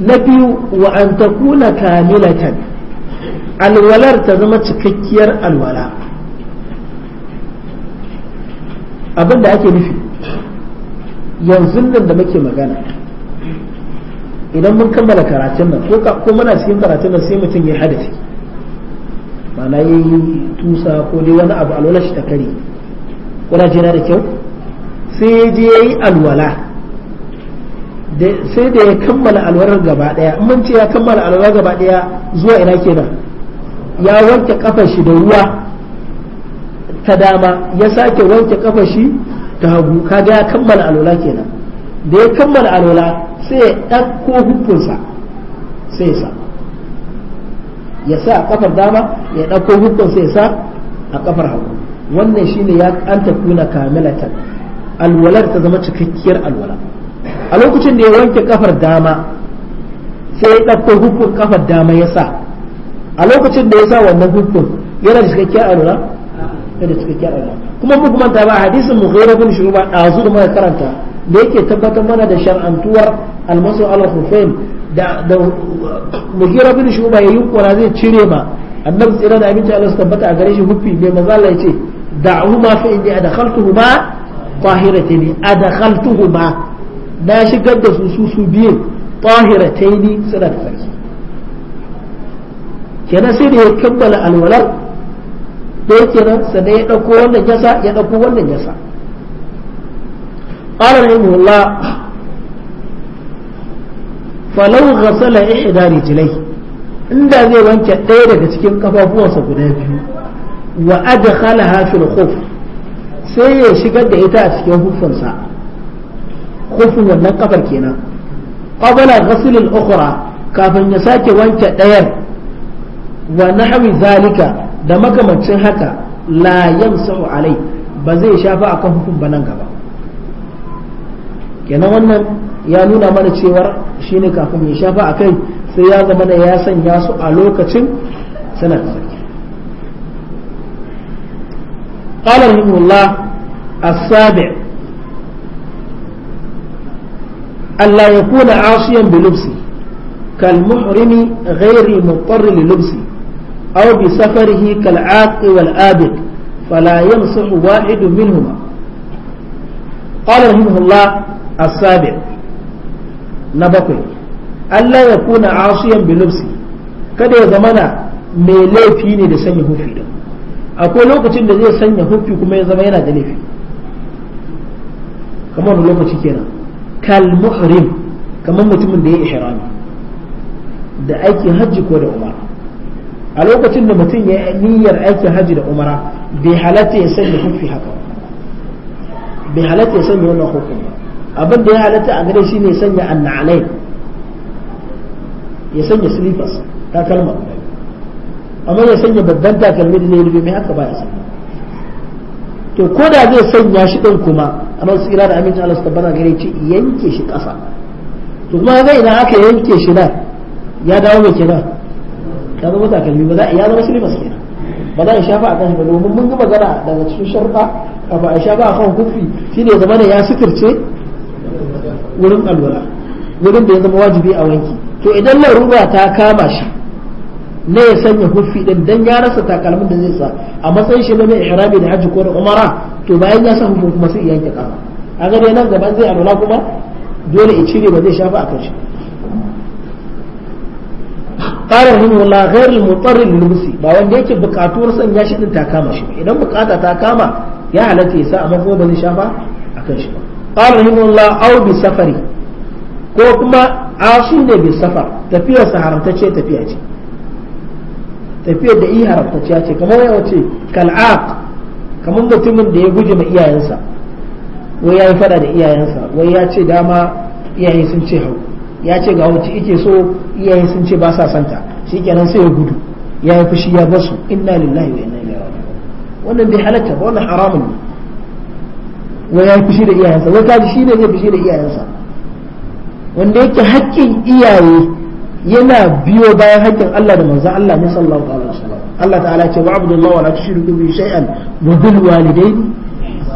na biyu wa an takuna kamilatan alwalar ta zama cikakkiyar alwala abin da ake nufi yanzu nan da muke magana idan mun kammala karatun nan ko muna cikin karatun nan sai mutum ya ciki. ma'ana ya yi tusa ko dai wani abu alwala shi ta kare kuna da kyau sai ya je ya yi alwala sai da ya kammala alwalar gaba daya mun ce ya kammala alwalar gaba daya zuwa ina kenan ya wanke kafar shi da ruwa ta dama ya sake wanke kafar shi ta hagu kaga ya kammala alwala kenan da ya kammala alwala sai ya ɗauko hukunsa sai ya sa ya sa a kafar dama ya ɗauko hukun sai sa a kafar hagu wannan shi ne ya ƙanta kuna kamilatan alwalar ta zama cikakkiyar alwala a lokacin da ya wanke kafar dama sai ya ɗauko hukun kafar dama ya sa a lokacin da ya sa wannan hukun yana da cikakkiyar alwala yana da cikakkiyar alwala kuma ku kuma ba hadisin mughira bin shuruba dazu da muka karanta da yake tabbatar mana da shar'antuwar almasu al-hufain da da mugira bin shuba ya kura zai cire ma annabi tsira da abinci Allah su tabbata a gare shi hufi mai ya ce da'u ma fa inni adkhaltuhuma tahiratayn adkhaltuhuma na shigar da su su su biye tahiratayni suna da sarki kenan sai da ya kammala alwalar da yake nan sannan ya ɗauko wannan yasa ya ɗauko wannan yasa قال yin Allah falau ghasala ihda rijlai inda zai wanke ɗaya daga cikin kafafuwansa guda biyu wa adkhalaha fil khuf sai ya shigar da ita a cikin hufunsa hufun wannan kafar kenan qabla ghasl al ukhra kafin ya sake wanke ɗayar wa nahwi zalika da makamancin haka la yamsahu alai ba zai shafa akan hukun ba nan gaba kenan wannan ya nuna mana cewar shine kafin ya shafa a kai sai ya zama da ya sanya su a lokacin suna da sarki قال رحمه الله السابع ألا يكون عاصيا بلبسه كالمحرم غير مضطر للبسه أو بسفره كالعاق والآبق فلا يمسح واحد منهما قال رحمه الله السابع na bakwai Allah ya kuna asiyan bilubsi kada ya zamana mai laifi ne da sanya hufi din akwai lokacin da zai sanya hufi kuma ya zama yana da laifi kamar wani lokaci kenan kal muhrim kamar mutumin da ya ihrami da aiki hajji ko da umara a lokacin da mutum ya niyyar aiki hajji da umara bai halatta ya sanya hufi haka bai halatta ya sanya wannan hukun abin da ya halatta a gare shi ne sanya annalai ya sanya slippers takalma amma ya sanya babban takalmi da zai rufe mai haka baya sanya to ko da zai sanya shi din kuma a amma tsira da amincin Allah tabbata gare shi yanke shi ƙasa to kuma zai idan aka yanke shi nan ya dawo mai kenan ya zama takalmi ba za ya zama slippers kenan ba za a shafa a kan ba domin mun ga magana daga cikin sharuɗa ba a shafa a kan kufi shine zama da ya suturce wurin alwala wurin da ya zama wajibi a wanki to idan larura ta kama shi ne ya sanya huffi din dan ya rasa takalmin da zai sa a matsayin shi na mai da hajji ko da umara to bayan ya sa huffi kuma sai yanke kama a ga nan gaban zai alwala kuma dole ya cire ba zai shafa a kan shi قال رحمه الله غير المضطر للبس با wanda yake bukatuwar sanya shi din ta kama shi idan bukata ta kama ya halatta ya sa amma kuma ba zai shafa kan shi ba qala rahimullah aw bi safari ko kuma asu ne bi safar tafiyar sa haramtacce tafiya ce tafiyar da iya haramtacciya ce kamar yawa ce kal'aq kamar mutumin da ya guje ma iyayensa wai ya yi fada da iyayensa wai ya ce dama iyaye sun ce hau ya ce ga wuce ike so iyaye sun ce ba sa santa shikenan sai ya gudu ya yi fushi ya basu inna lillahi wa inna ilaihi raji'un wannan bai halatta ba wannan haramun ne wai ya fushi da iyayensa wai kaji shi ne zai fushi da iyayensa wanda yake haƙƙin iyaye yana biyo bayan haƙƙin Allah da manzon Allah ne sallallahu alaihi wasallam Allah ta'ala ce wa abdullahi wa la tushriku bihi shay'an wa bil walidayni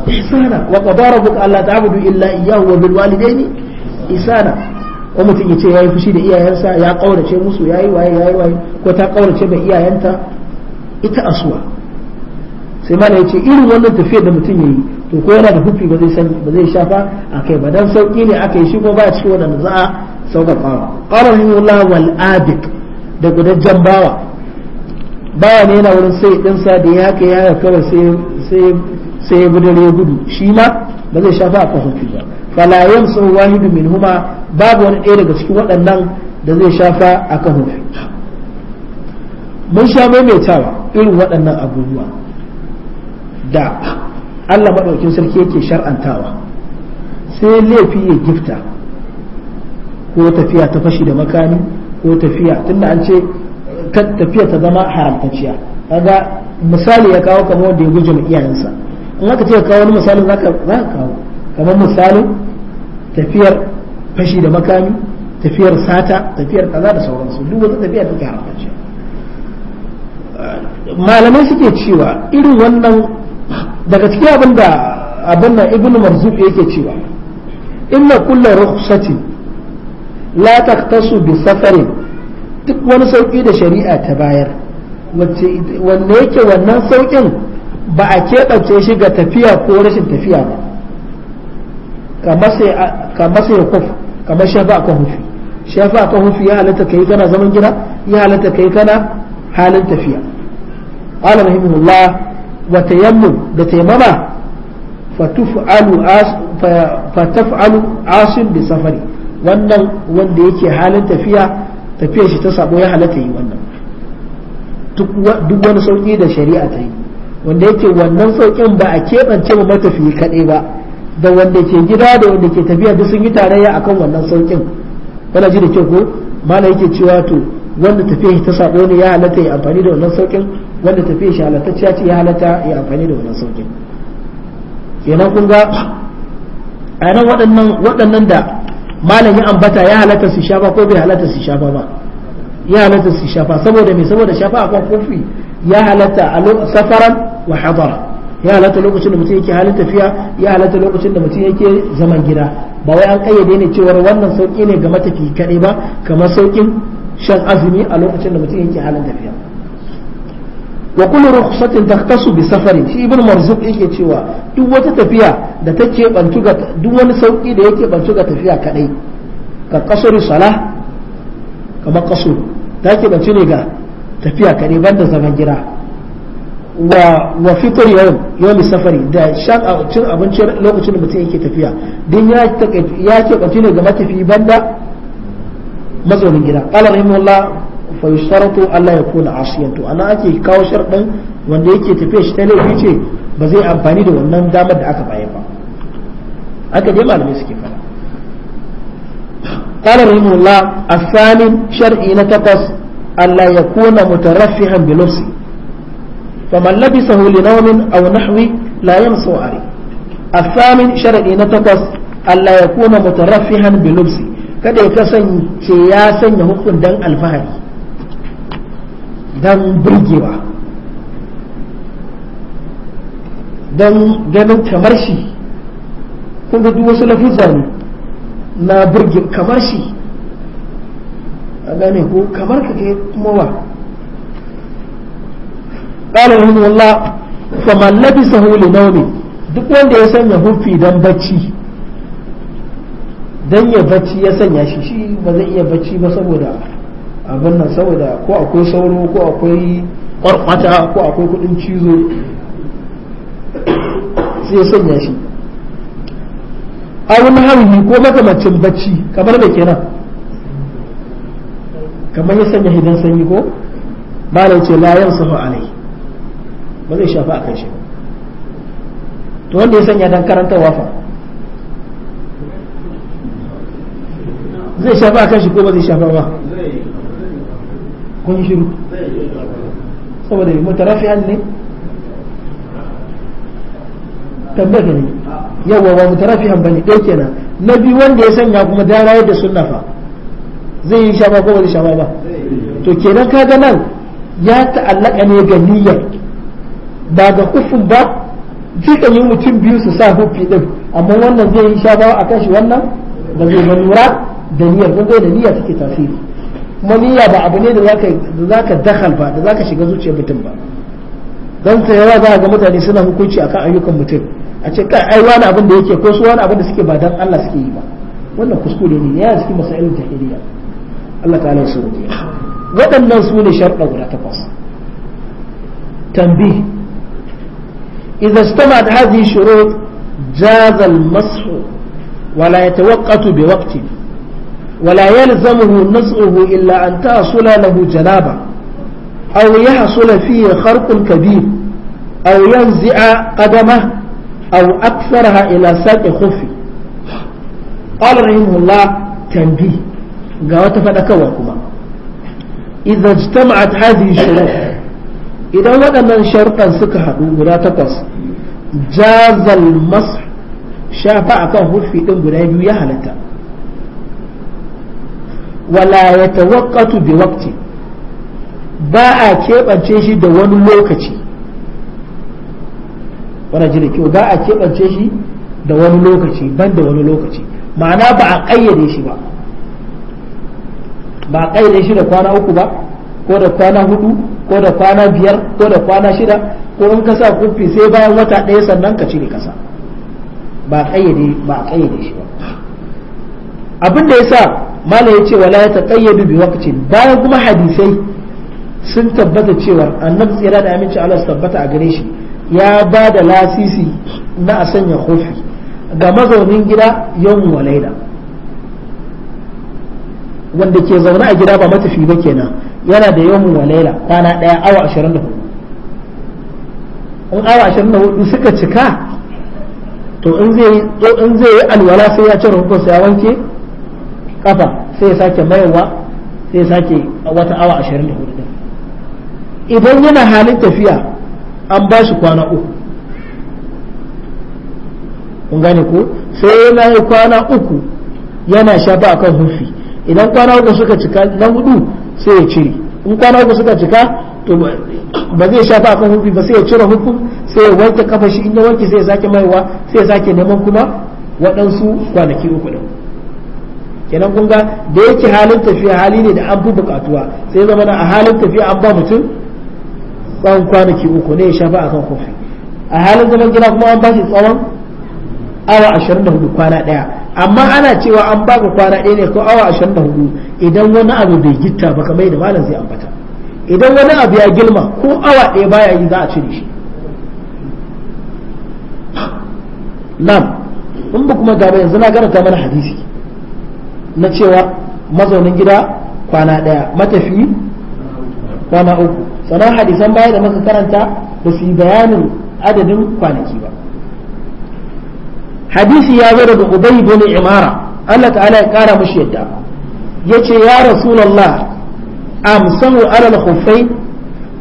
isana wa qadara rabbuka alla ta'budu illa iyyahu wa bil walidayni isana. ko mutum ya ce ya yi fushi da iyayensa ya ƙaurace musu ya yi waye ya yi waye ko ta ƙaurace da iyayenta ita asuwa sai mana ya ce irin wannan tafiyar da mutum ya yi to ko yana da hufi ba zai san ba zai shafa akai ba dan sauki ne aka yi shi ko ba cikin wadanda za a fara qala rahimullah wal adik da gudajen bawa bawa ne yana wurin sai sa da ya kai ya kawai sai sai sai ya gudare gudu shi ma ba zai shafa akan hufi ba fala yansu wahidu huma babu wani ɗaya daga cikin waɗannan da zai shafa akan hufi mun sha maimaitawa irin waɗannan abubuwa da Allah maɗaukin sarki yake shar'antawa sai laifi ya gifta ko tafiya ta fashi da makami ko tafiya tunda an ce tafiya ta zama haramtacciya kaga misali ya kawo kamar wanda ya guje ma iyayensa in aka ce kawo wani misali za ka kawo kamar misalin tafiyar fashi da makami tafiyar sata tafiyar kaza da sauransu duk wata tafiya take haramtacciya malamai suke cewa irin wannan daga cikin abin da abin nan ibnu marzuq yake cewa inna kullu rukhsati la taqtasu bi safarin duk wani sauki da shari'a ta bayar wacce wanne yake wannan saukin ba a keɓance shi ga tafiya ko rashin tafiya ba kamar sai kuf kamar shafa akan hufi shafa hufi ya halatta kai kana zaman gida ya halatta kai kana halin tafiya qala rahimahullah وتيمم بتيمما da taimama fataf'alu asim بسفري safari wannan wanda yake halin tafiya tafiyar shi ta sabo ya halatta yi wannan duk wani sauƙi da shari'a ta yi wanda yake wannan sauƙin ba a keɓance ba matafiyi kaɗai ba da wanda ke gida da wanda ke tafiya duk sun yi tarayya akan wannan saukin wani ji da kyau ko mala yake cewa to wanda tafiya ta sako ne ya halatta ya amfani da wannan saukin wanda tafiya shi halattacciya ce ya halatta ya amfani da wannan saukin kenan kun ga a nan waɗannan waɗannan da malam ya ambata ya halatta su shafa ko bai halatta su shafa ba ya halatta su shafa saboda me saboda shafa a kofi ya halatta a safaran wa hadara ya halatta lokacin da mutum yake halin tafiya ya halatta lokacin da mutum yake zaman gida ba wai an kayyade ne cewa wannan sauki ne ga matafi kaɗai ba kamar saukin shan azumi a lokacin da mutum yake halin tafiya wa kullu rukhsatin taktasu bi safari shi ibn marzuq yake cewa duk wata tafiya duk wani sauki da yake bantu ga tafiya kadai ka kasuri salah kamar kasur take bantu ne ga tafiya kadai banda zaman gida wa wa fitr safari da shan cin abinci lokacin da mutum yake tafiya ya ke bantu ne ga matafi banda mazaunin gida qala rahimahullah fa yushtaratu alla yakuna asiyan to ana ake kawo sharɗin wanda yake tafiya shi ta laifi ce ba zai amfani da wannan damar da aka bayar ba aka je malamai suke fara قال رحمه الله الثامن شرعي نتقص ألا يكون مترفها بلبسه فمن لبسه لنوم أو نحوي لا يمسو عليه الثامن شرعي نتقص ألا يكون مترفها بلبسه kada ya kasance ya sanya hukun dan alfahari dan birgewa dan ganin kamar shi kun ga duk wasu lafizza ne na birge kamar shi a gane ko kamar ka ke kuma wa ƙalar Allah Kamar labisa hulu ne duk wanda ya sanya hufi don bacci dan ya bacci ya sanya shi shi ba zai iya bacci ba saboda abin nan saboda ko akwai sauro ko akwai kwarkwata ko akwai kudin cizo sai ya sanya shi awon harbi ko makamacin bacci kamar da kenan kamar ya sanya hidan sanyi ko malam ce la yansahu alai ba zai shafa a kan shi to wanda ya sanya dan karanta wafa zai shafa a kanshi ko ba zai shafa ba kun shiru saboda yi mutarafiyan ne tabbata ne yawa ba mutarafiyan ba ne ɗaya kenan na biyu wanda ya sanya kuma da yadda sun nafa zai yi shafa ko ba zai shafa ba to kenan kaga nan ya ta'allaka ne ga niyyar ba ga kufin ba jikan yi mutum biyu su sa hufi din amma wannan zai yi shafa a kan shi wannan ba zai ba lura da niyyar kun da niyya take tasiri kuma niyya ba abu ne da zaka da zaka dakhal ba da zaka shiga zuciyar mutum ba dan sai yawa za ga mutane suna hukunci akan ayyukan mutum a ce kai ai wani abin da yake ko su wani abin da suke ba dan Allah suke yi ba wannan kuskure ne yana cikin masailin jahiliya Allah ta'ala ya suru waɗannan su ne sharuɗa guda takwas tambi إذا استمعت هذه الشروط جاز المسح ولا يتوقت بوقت ولا يلزمه نزعه إلا أن تحصل له جنابة أو يحصل فيه خرق كبير أو ينزع قدمه أو أكثرها إلى ساق خفي قال رحمه الله تنبيه قوات فدكوكما إذا اجتمعت هذه الشروط إذا ودنا شرطا سكها ولا تقص جاز المسح شافع كهول في دم يهلك wala ya tawakkatu bi waqti ba a keɓance shi da wani lokaci wani ji da kyau ba a keɓance shi da wani lokaci ban da wani lokaci ma'ana ba a ƙayyade shi ba ba a ƙayyade shi da kwana uku ba ko da kwana hudu ko da kwana biyar ko da kwana shida ko in ka sa kufi sai bayan wata daya sannan ka cire kasa ba a ƙayyade ba a ƙayyade shi ba abin da ya sa mala ya ce wala ya taƙayyadu bi waqtin bayan kuma hadisai sun tabbata cewa annabi tsira da aminci Allah su tabbata a gare shi ya ba da lasisi na a sanya kofi ga mazaunin gida yawon walaida wanda ke zaune a gida ba matafi ba kenan yana da yawon walaila kwana ɗaya awa ashirin da hudu in awa ashirin da hudu suka cika to in zai yi alwala sai ya cire hukunsa ya wanke kafa sai ya sake mayarwa sai ya sake wata awa ashirin da hudu idan yana halin tafiya an ba shi kwana uku kun gane ko sai yana yi kwana uku yana shafa akan hufi idan kwana uku suka cika na hudu sai ya cire in kwana uku suka cika to ba zai shafa akan hufi ba sai ya cire hukun sai ya wanke kafa shi in ya wanke sai ya sake maiwa sai ya sake neman kuma waɗansu kwanaki uku ɗin kenan kun ga da yake halin tafiya hali ne da an fi bukatuwa sai zama na a halin tafiya an ba mutum tsawon kwanaki uku ne ya shafa kan kofi a halin zaman gida kuma an ba shi tsawon awa ashirin da hudu kwana daya amma ana cewa an ba ka kwana daya ne ko awa ashirin da hudu idan wani abu bai gitta ba kamar da malam zai ambata idan wani abu ya girma ko awa daya baya yi za a cire shi nam in ba kuma gaba yanzu na ta mana hadisi na cewa mazaunin gida kwana daya matafi kwana uku sannan hadisan baya da muka karanta da su bayanin adadin kwanaki ba hadisi ya zo daga ubai bin imara Allah ta'ala ya kara mushi yadda yace ya rasulullah amsahu alal ya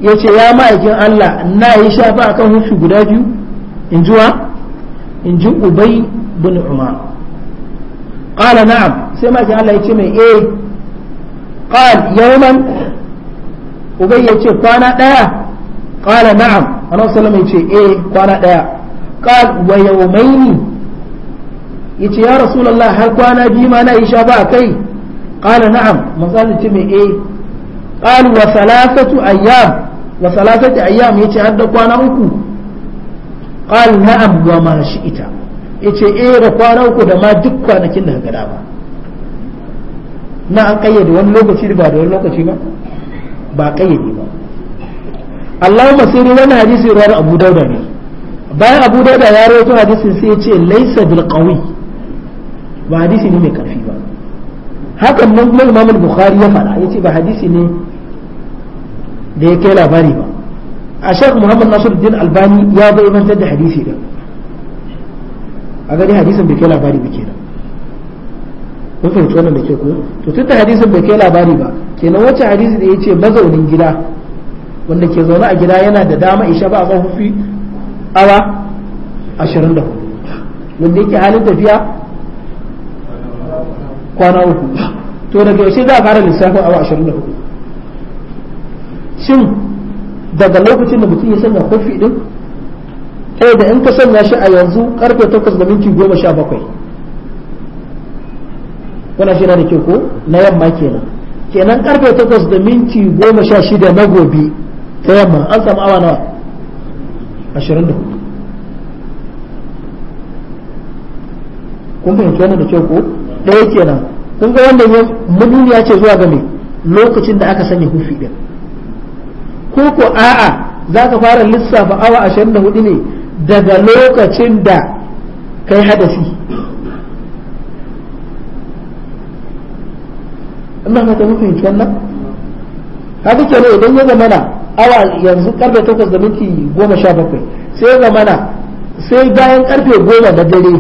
yace ya ma'aikin Allah na yi shafa akan hufi guda biyu in ji wa in ji ubai bin umara qala na'am sai makin Allah ya ce mai eh qal yawman ubay ya ce kwana daya qala na'am annabi sallallahu alaihi ce eh kwana daya qal wa yawmaini yace ya rasulullah har kwana biyu ma na isha ba kai qala na'am manzo Allah ce eh qal wa thalathatu ayyam yace har da kwana uku qal na'am wa ma ita? yace eh da kwana uku da ma duk kwanakin da ka gada ba na an kayyade wani lokaci ba da wani lokaci ba ba kayyade ba Allahumma sirri wani hadisi ruwan Abu Dauda ne bayan Abu Dauda ya rawaito hadisin sai yace laysa laisa bil qawi ba hadisi ne mai karfi ba hakan nan kuma Imam Bukhari ya fara yace ba hadisi ne da ya kai labari ba a Sheikh Muhammad Nasiruddin Albani ya bayyana da hadisi da a gani hadisin bai kai labari ba kenan kun fahimci wannan da ke ko to tun da hadisin bai kai labari ba kenan wacce hadisi da ya ce mazaunin gida wanda ke zaune a gida yana da dama isha ba a tsofaffi awa ashirin da hudu wanda yake halin tafiya kwana uku to daga yaushe za a fara lissafin awa ashirin da hudu shin daga lokacin da mutum ya sanya kwafi din ta da in ka sanya shi a yanzu karfe 8 da minti 17 kuna shi da ke ko na yamma kenan kenan karfe 8 da minti 16 na gobe ta yamma an samu awa nawa 24 kun fahimci wannan da kyau ko ɗaya kenan kun ga wanda ya ya ce zuwa ga me lokacin da aka sanya hufi ɗin ko ko a'a za ka fara lissafa awa 24 ne daga lokacin da kai hadasi Allah ta mun fahimci wannan haka ke idan ya na awa yanzu karfe 8 da minti 17 sai ya na sai bayan karfe 10 na dare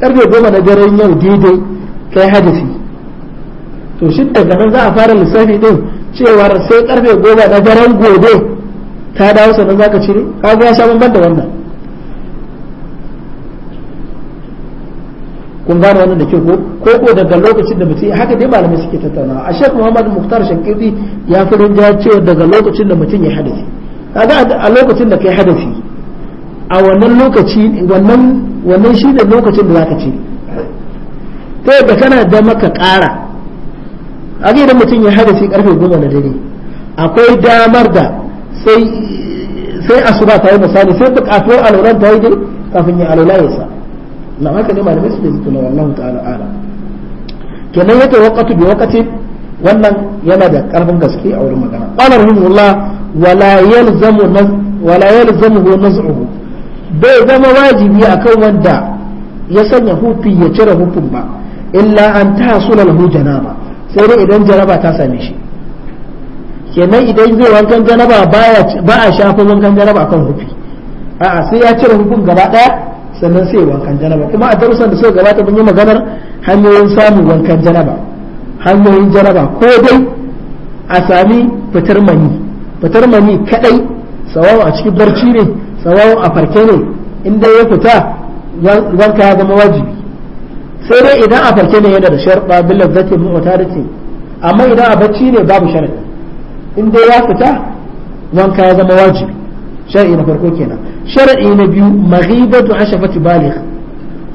karfe 10 na dare yau daidai kai hadasi to shi daga nan za a fara lissafi din cewar sai karfe 10 na daren gobe ka dawo sannan za ka cire kaga ya sha bamban da wannan kun gane wannan da ke ko ko ko daga lokacin da mutum haka dai malamai suke tattauna a shek muhammad muktar shankiri ya fi rinja cewa daga lokacin da mutum ya hadasi kaga a lokacin da kai hadasi a wannan lokaci wannan wannan shi ne lokacin da zaka cire ta yadda kana da maka ƙara a idan mutum ya hadasi karfe goma na dare akwai damar da sai sai asuba ta yi misali sai kafin alwala ta yi dai kafin ya alwala ya sa na haka ne malamai su da zikin wallahu ta'ala ala kenan yake tawaqqatu bi waqtin wannan yana da karfin gaske a wurin magana qala rahimullah wala yalzamu wala yalzamu naz'uhu bai zama wajibi akan wanda ya sanya hufi ya cire hufin ba illa an sunan hujana ba sai dai idan jaraba ta same shi kenan idan zai wankan janaba ba a shafa wankan janaba kan hufi a'a sai ya cire hufin gaba daya sannan sai wankan janaba kuma a darussan da suka gabata mun yi maganar hanyoyin samun wankan janaba hanyoyin janaba ko dai a sami fitar mani fitar mani kadai sawawa a cikin barci ne sawawa a farke ne in dai ya fita wanka ya zama wajibi sai dai idan a farke ne yana da sharba bil lazzati mu'tarati amma idan a bacci ne babu sharadi in dai ya fita wanka ya zama wajibi shar'i na farko kenan shar'i na biyu maghibatu ashafati baligh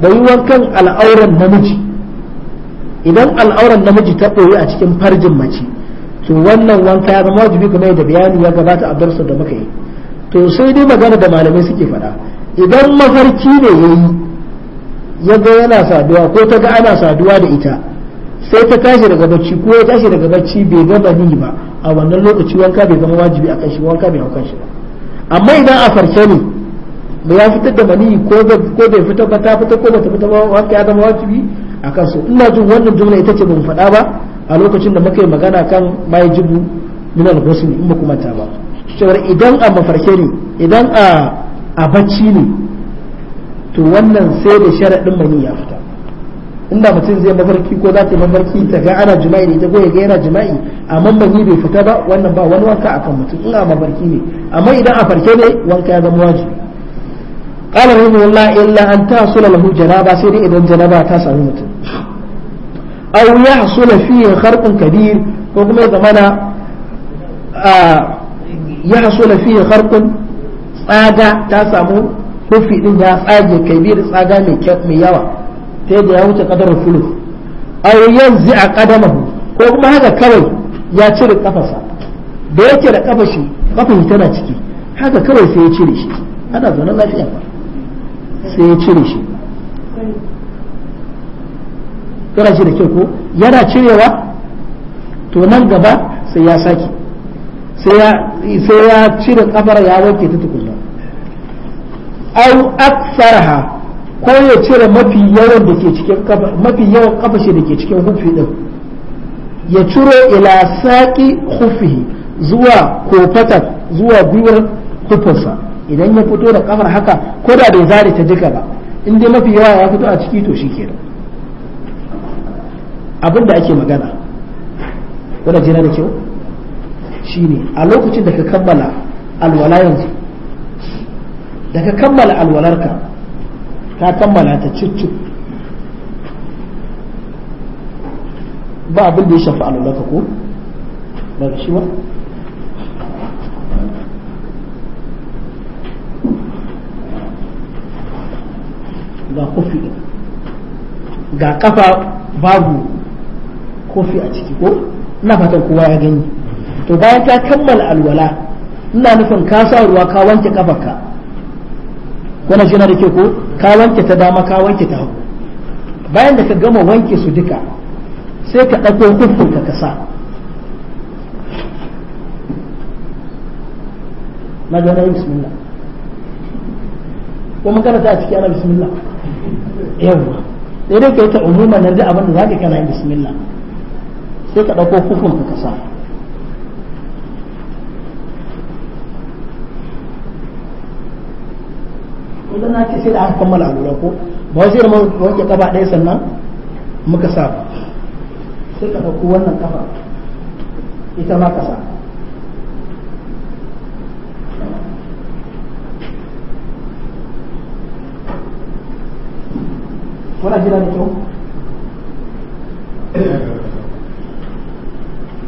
da yi wankan al'auran namiji idan al'auran namiji ta ɓoye a cikin farjin mace to wannan wanka ya zama wajibi kuma da bayani ya gabata a darsa da muka yi to sai dai magana da malamai suke faɗa idan mafarki ne ya yi ya ga yana saduwa ko ta ga ana saduwa da ita sai ta tashi daga bacci ko ya tashi daga bacci bai ga bani ba a wannan lokaci wanka bai zama wajibi a kanshi wanka bai haukan shi ba amma idan a farce ne ba ya fitar da mani ko bai fitar ba ta fitar ko bata fitar ba wanka ya zama wajibi a kansu ina jin wannan jumla ita ce ban faɗa ba a lokacin da muka yi magana kan mai jibu min al in ba kuma ta ba cewar idan a mafarke ne idan a a bacci ne to wannan sai da sharaɗin mani ya fita inda mutum zai mafarki ko za ta mafarki ta ga ana jima'i ne ta goya ga yana jima'i amma ban yi bai fita ba wannan ba wani wanka akan mutum ina mafarki ne amma idan a farke ne wanka ya zama wajibi قال رحمه الله إلا أن janaba sai dai idan janaba ta samu mutum أو يحصل فيه خرق كبير وكما زمانا يحصل فيه خرق tsaga ta samu kufi din ya tsage kabir tsaga mai yawa ta yadda ya wuce kadar a aw zai a kadama ko kuma haka kawai ya cire kafasa da yake da kafashi kafin tana ciki haka kawai sai ya cire shi ana zaune lafiya ba sai ya cire shi kira shi da kyau ko yana cirewa to nan gaba sai ya sake sai ya cire kafar ya wanke ta tukunna au aksarha ko ya cire mafi yawan da ke cikin mafi yawan kafashe da ke cikin hufi din ya ciro ila saki hufihi zuwa kofatar zuwa gwiwar hufinsa idan ya fito da kafar haka ko da bai zare ta duka ba in dai mafi yawa ya fito a ciki to shi kenan abin da ake magana wanda jira da kyau shine a lokacin da ka kammala alwala yanzu da ka kammala alwalarka ta kammala ta cicci ba abin da ya shafi alulaka ko ba da shi ba ga kofi ga kafa babu kofi a ciki ko ina fatan kowa ya gani to bayan ta kammala alwala ina nufin ka sa ruwa ka wanke kafarka wannan shi na da ke ko ka wanke ta dama ka wanke ta hagu bayan da ka gama wanke su duka sai ka ɗauko kufin ka kasa na ga nayi bismillah ko magana ta a ciki ana bismillah yawwa sai dai ka yi ta umuman nan da abin da za ka kana yin bismillah sai ka ɗauko kufin ka kasa yanzu ce sai da aka kammala alwala ko ba wasu irin wanke kafa ɗaya sannan muka sa ba sai ka ɗauko wannan kafa ita ma ka sa kuna jira da kyau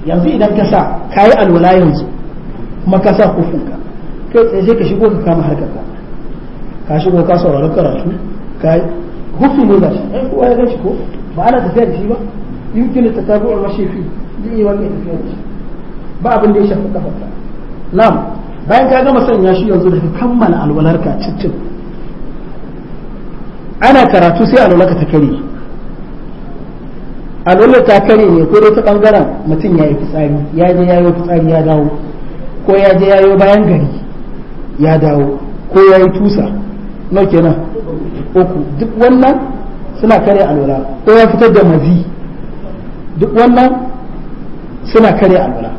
yanzu idan ka sa ka yi alwala yanzu kuma ka sa kofinka kai tsaye sai ka shigo ka kama ka ka shigo ka saurari karatu ka hufi ne da shi ai kowa ya gan shi ko ba ana tafiya da shi ba yumkin ta tabu al mashifi din yi wannan tafiya da shi ba abin da ya shafi kafarka nam bayan ka gama sanya shi yanzu da ka kammala alwalarka cicin ana karatu sai alwalarka ta kare alwalar ta kare ne ko dai ta bangaren mutum ya yi fitsari ya je ya yi fitsari ya dawo ko ya je ya yi bayan gari ya dawo ko ya yi tusa na kenan uku duk wannan suna kare alwala ko ya fitar da mazi duk wannan suna kare alwala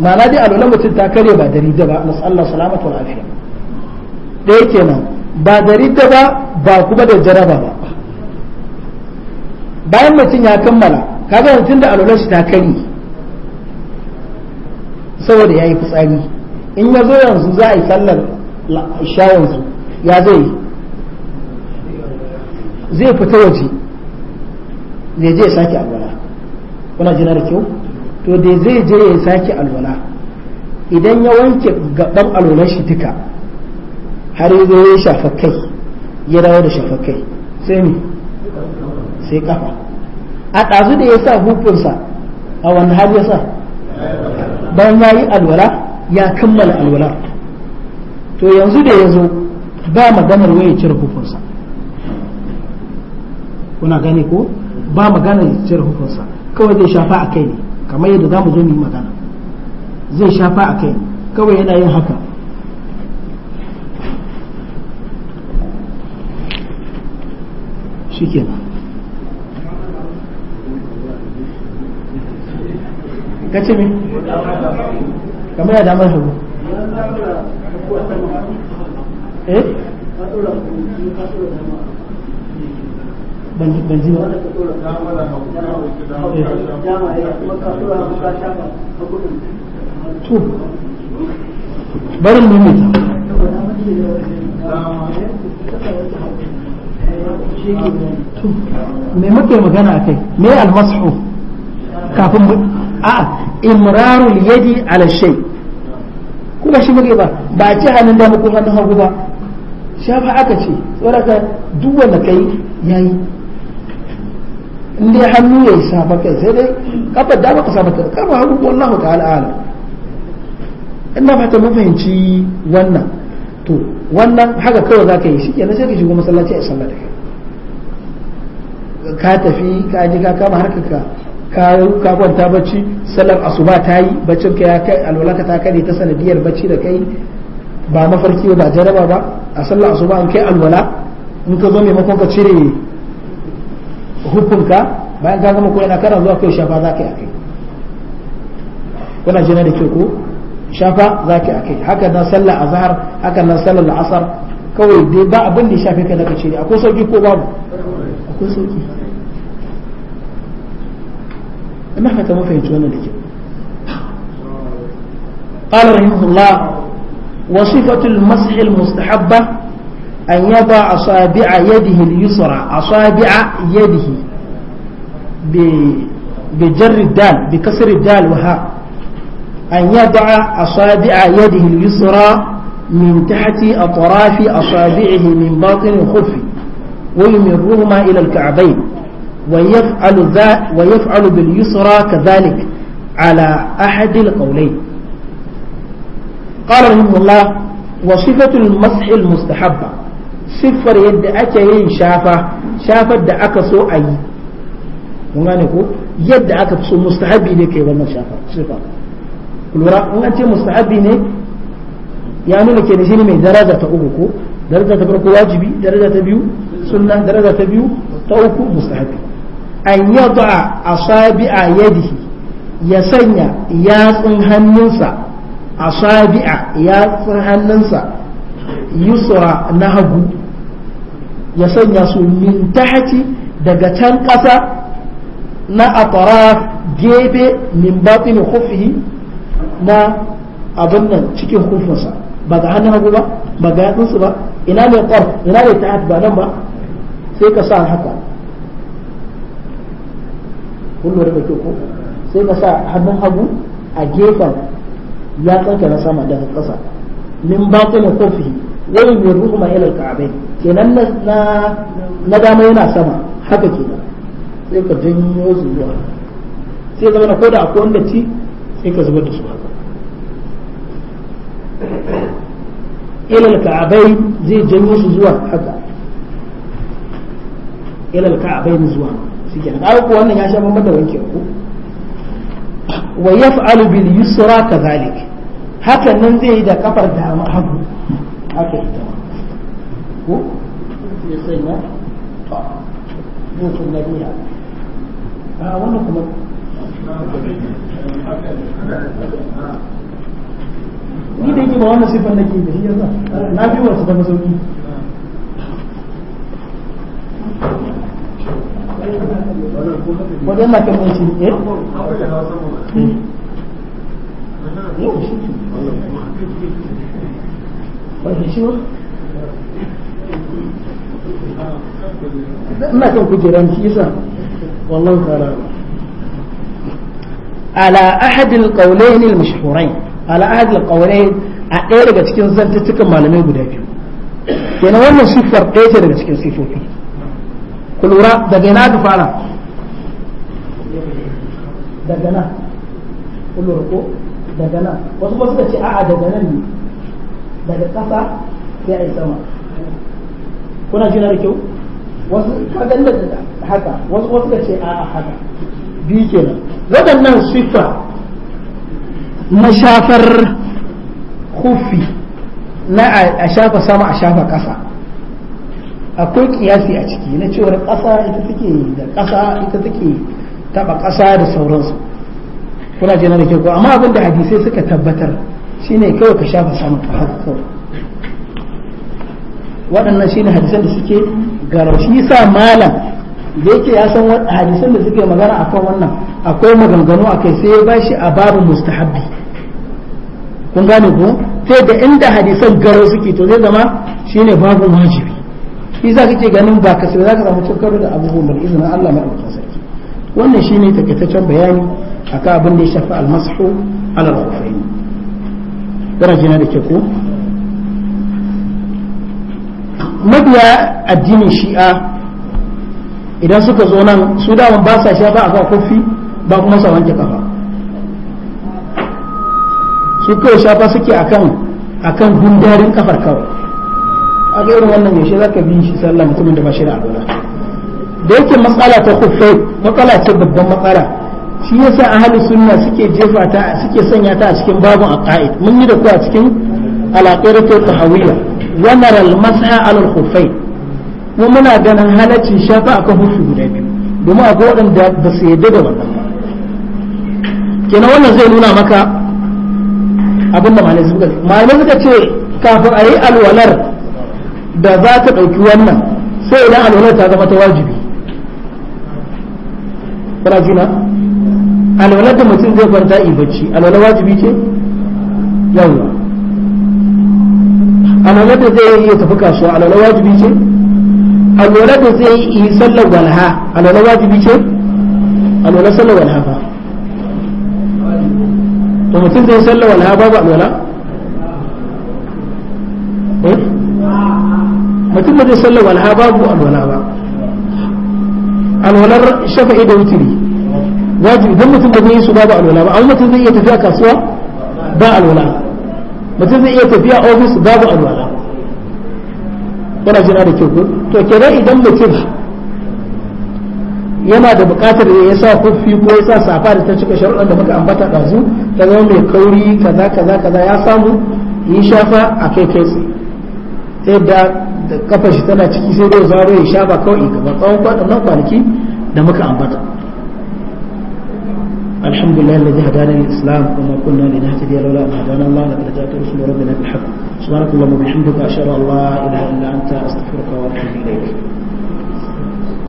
ma'ana dai alwala mutum ta kare ba dari da ba nasu Allah salamatu wa lafiya ɗaya kenan ba dari da ba ba kuma da jaraba ba bayan mutum ya kammala kaga mutum da alwala shi ta kare saboda ya yi fitsari in ya zo yanzu za a yi sallar isha yanzu ya zai yi zai fita waje zai je ya sake alwala kuna jina da kyau to dai zai je ya sake alwala idan ya wanke gaban alwalan shi duka har yi zai shafa kai ya dawo da shafa kai sai ne sai kafa a ɗazu da ya sa hukunsa a wani har ya sa ban ya yi alwala ya kammala alwala to yanzu da ya zo ba maganar waye cire hukunsa kuna gane ko ba magana ya cire hukunsa kawai zai shafa a kai ne kamar yadda za mu zo mu yi magana zai shafa a kai kawai yana yin haka shikenan kace me kamar yadda mai hagu eh ban ji ba to barin mu ne to me muke magana akai me almasu kafin a imrarul yadi ala shay kuma shi muke ba ba ci hannun da muku hannun hagu ba shafa aka ce tsoraka duk wanda kai yayi in dai hannu ya yi safa kai sai dai kafar dama ka safa kai kafar hagu wallahu ta'ala ala ina fata mun fahimci wannan to wannan haka kawai za yi shi kenan sai ka shigo masallaci a sallah da kai ka tafi ka je ka kama harkar ka ka kwanta bacci sallar asuba ta yi baccin ka ya kai alwalaka ta kare ta sanadiyar bacci da kai ba mafarki ba jaraba ba a sallar asuba an kai alwala in ka zo maimakon ka cire hukunka bayan ka gama ko yana kana zuwa kai shafa za ka yi akai kuna jina da ke ko shafa za ka yi akai haka nan sallar azhar haka nan sallar asar kawai dai ba abin da ya shafe ka daga cire akwai sauki ko babu akwai sauki ina fata mafahimci wannan da ke قال رحمه الله وصفة المسح المستحبة أن يضع أصابع يده اليسرى أصابع يده بجر الدال بكسر الدال وها أن يضع أصابع يده اليسرى من تحت أطراف أصابعه من باطن الخف ويمرهما إلى الكعبين ويفعل, ذا ويفعل باليسرى كذلك على أحد القولين قال رحمه الله وصفة المسح المستحبة siffar yadda ake yin shafa shafar da aka so a yi mun gane ko yadda aka so mustahabi ne kai wannan shafa sifa kulura in an ce mustahabi ne ya nuna ke shi ne mai daraja ta uku ko daraja ta farko wajibi daraja ta biyu sunna daraja ta biyu ta uku mustahabi an yada a yadihi ya sanya yatsun hannunsa asabi'a yatsun hannunsa yusra na hagu ya sanya su min tahti daga can ƙasa na ataraf gebe min batin khufihi na abin nan cikin kufarsa ba ga hannun hagu ba ba ga yatsunsu ba ina ne ƙwar ina ne ta'at ba nan ba sai ka sa haka kullum da ke ko sai ka sa hannun hagu a gefen ya tsanke na sama daga ƙasa min batin kofi wani yurruhu ma ilal ka'abai kenan na na yana sama haka kenan sai ka janyo zuwa sai zama na koda akwai wanda ci sai ka zubar da ilal ka'abai zai janyo su zuwa haka ilal ka'abai zuwa shi kenan ai ko wannan ya wanke ku wa bil yusra kazalik hakan nan zai yi da kafar da haka ita ko ya na biya a wannan kuma ni da yake ba wannan sifar ke da shi yanzu na biyu wasu eh? da masauki wajen eh. na eh, kan shi ne fahimciwa ina kan kujeran shi isa wallahu ta'ala ala ahad alqawlayn almashhurayn ala ahadin alqawlayn a ɗaya daga cikin zantuttukan malamai guda biyu yana wannan siffar ɗaya ce daga cikin sifofi ku lura daga yana ta fara daga nan ku lura ko daga na, wasu ba suka ce a'a daga nan ne daga ƙasa ya yi sama kuna jina da kyau wasu kagan da haka wasu wasu da ce a'a haka biyu kenan waɗannan siffa na shafar kufi na a shafa sama a shafa ƙasa akwai kiyasi a ciki na cewar ƙasa ita take da ƙasa ita take taɓa ƙasa da sauransu kuna jina da kyau amma abin da hadisai suka tabbatar ne kawai ka shafa samun ka haka kawai waɗannan hadisan da suke garau shi sa malam da yake ya san hadisan da suke magana akan wannan akwai maganganu akai sai ya bashi a babu mustahabbi kun gane ko sai da inda hadisan garau suke to zai zama ne babu wajibi shi za kake ganin ba ka sai za ka samu cin da abubuwan da izinin Allah maɗaukakin sarki wannan shine takaitaccen bayani akan abin da ya shafi almasahu ala kana na da ke ko mabiya addinin shi'a idan suka zo nan su dawa ba sa sha ba a ba kofi ba kuma sa wanke kafa su kawai shafa suke akan akan gundarin kafar kawai a ga irin wannan yaushe ka bi shi sallah mutumin da ba shi da da yake matsala ta kufai matsala ce babban matsala shi yasa ahli sunna suke jefa ta suke sanya ta a cikin babun aqaid mun yi da ku a cikin alaqiratu tahawiyya wa naral masa ala al-khuffay mu muna ganin halacin shafa akan hufi guda biyu domin akwai waɗanda ba su yadda da wannan kenan wannan zai nuna maka abin da malai suka malai suka ce kafin a yi alwalar da za ta ɗauki wannan sai idan alwalar ta zama ta wajibi alwalar da mutum zai kwanta yi bacci alwalar wajibi ce yawwa alwalar da zai yi tafi kasuwa alwalar wajibi ce alwalar da zai yi sallar walha alwalar wajibi ce alwalar sallar walha ba da mutum zai sallar walha babu alwala eh? mutum ba zai sallar walha babu alwala ba alwalar shafa'i da wutiri wajibi idan mutum ba zai yi su babu alwala ba amma mutum zai iya tafiya kasuwa ba alwala mutum zai iya tafiya ofis babu alwala kana jira da kyau to kenan idan mutum yana da buƙatar ya sa kuffi ko ya sa safa da ta cika sharuɗan da muka ambata ɗazu ta zama mai kauri kaza kaza kaza ya samu yi shafa a kai kai tsaye ta yadda da kafa shi tana ciki sai dai zaro ya shafa kawai gaba tsawon kwaɗannan kwanaki da muka ambata الحمد لله الذي هدانا للإسلام وما كنا لنهتدي لولا أن هدانا الله لقد جاءت رسل ربنا بالحق سبحانك اللهم وبحمدك أشهد أن لا إله إلا أنت أستغفرك وأتوب إليك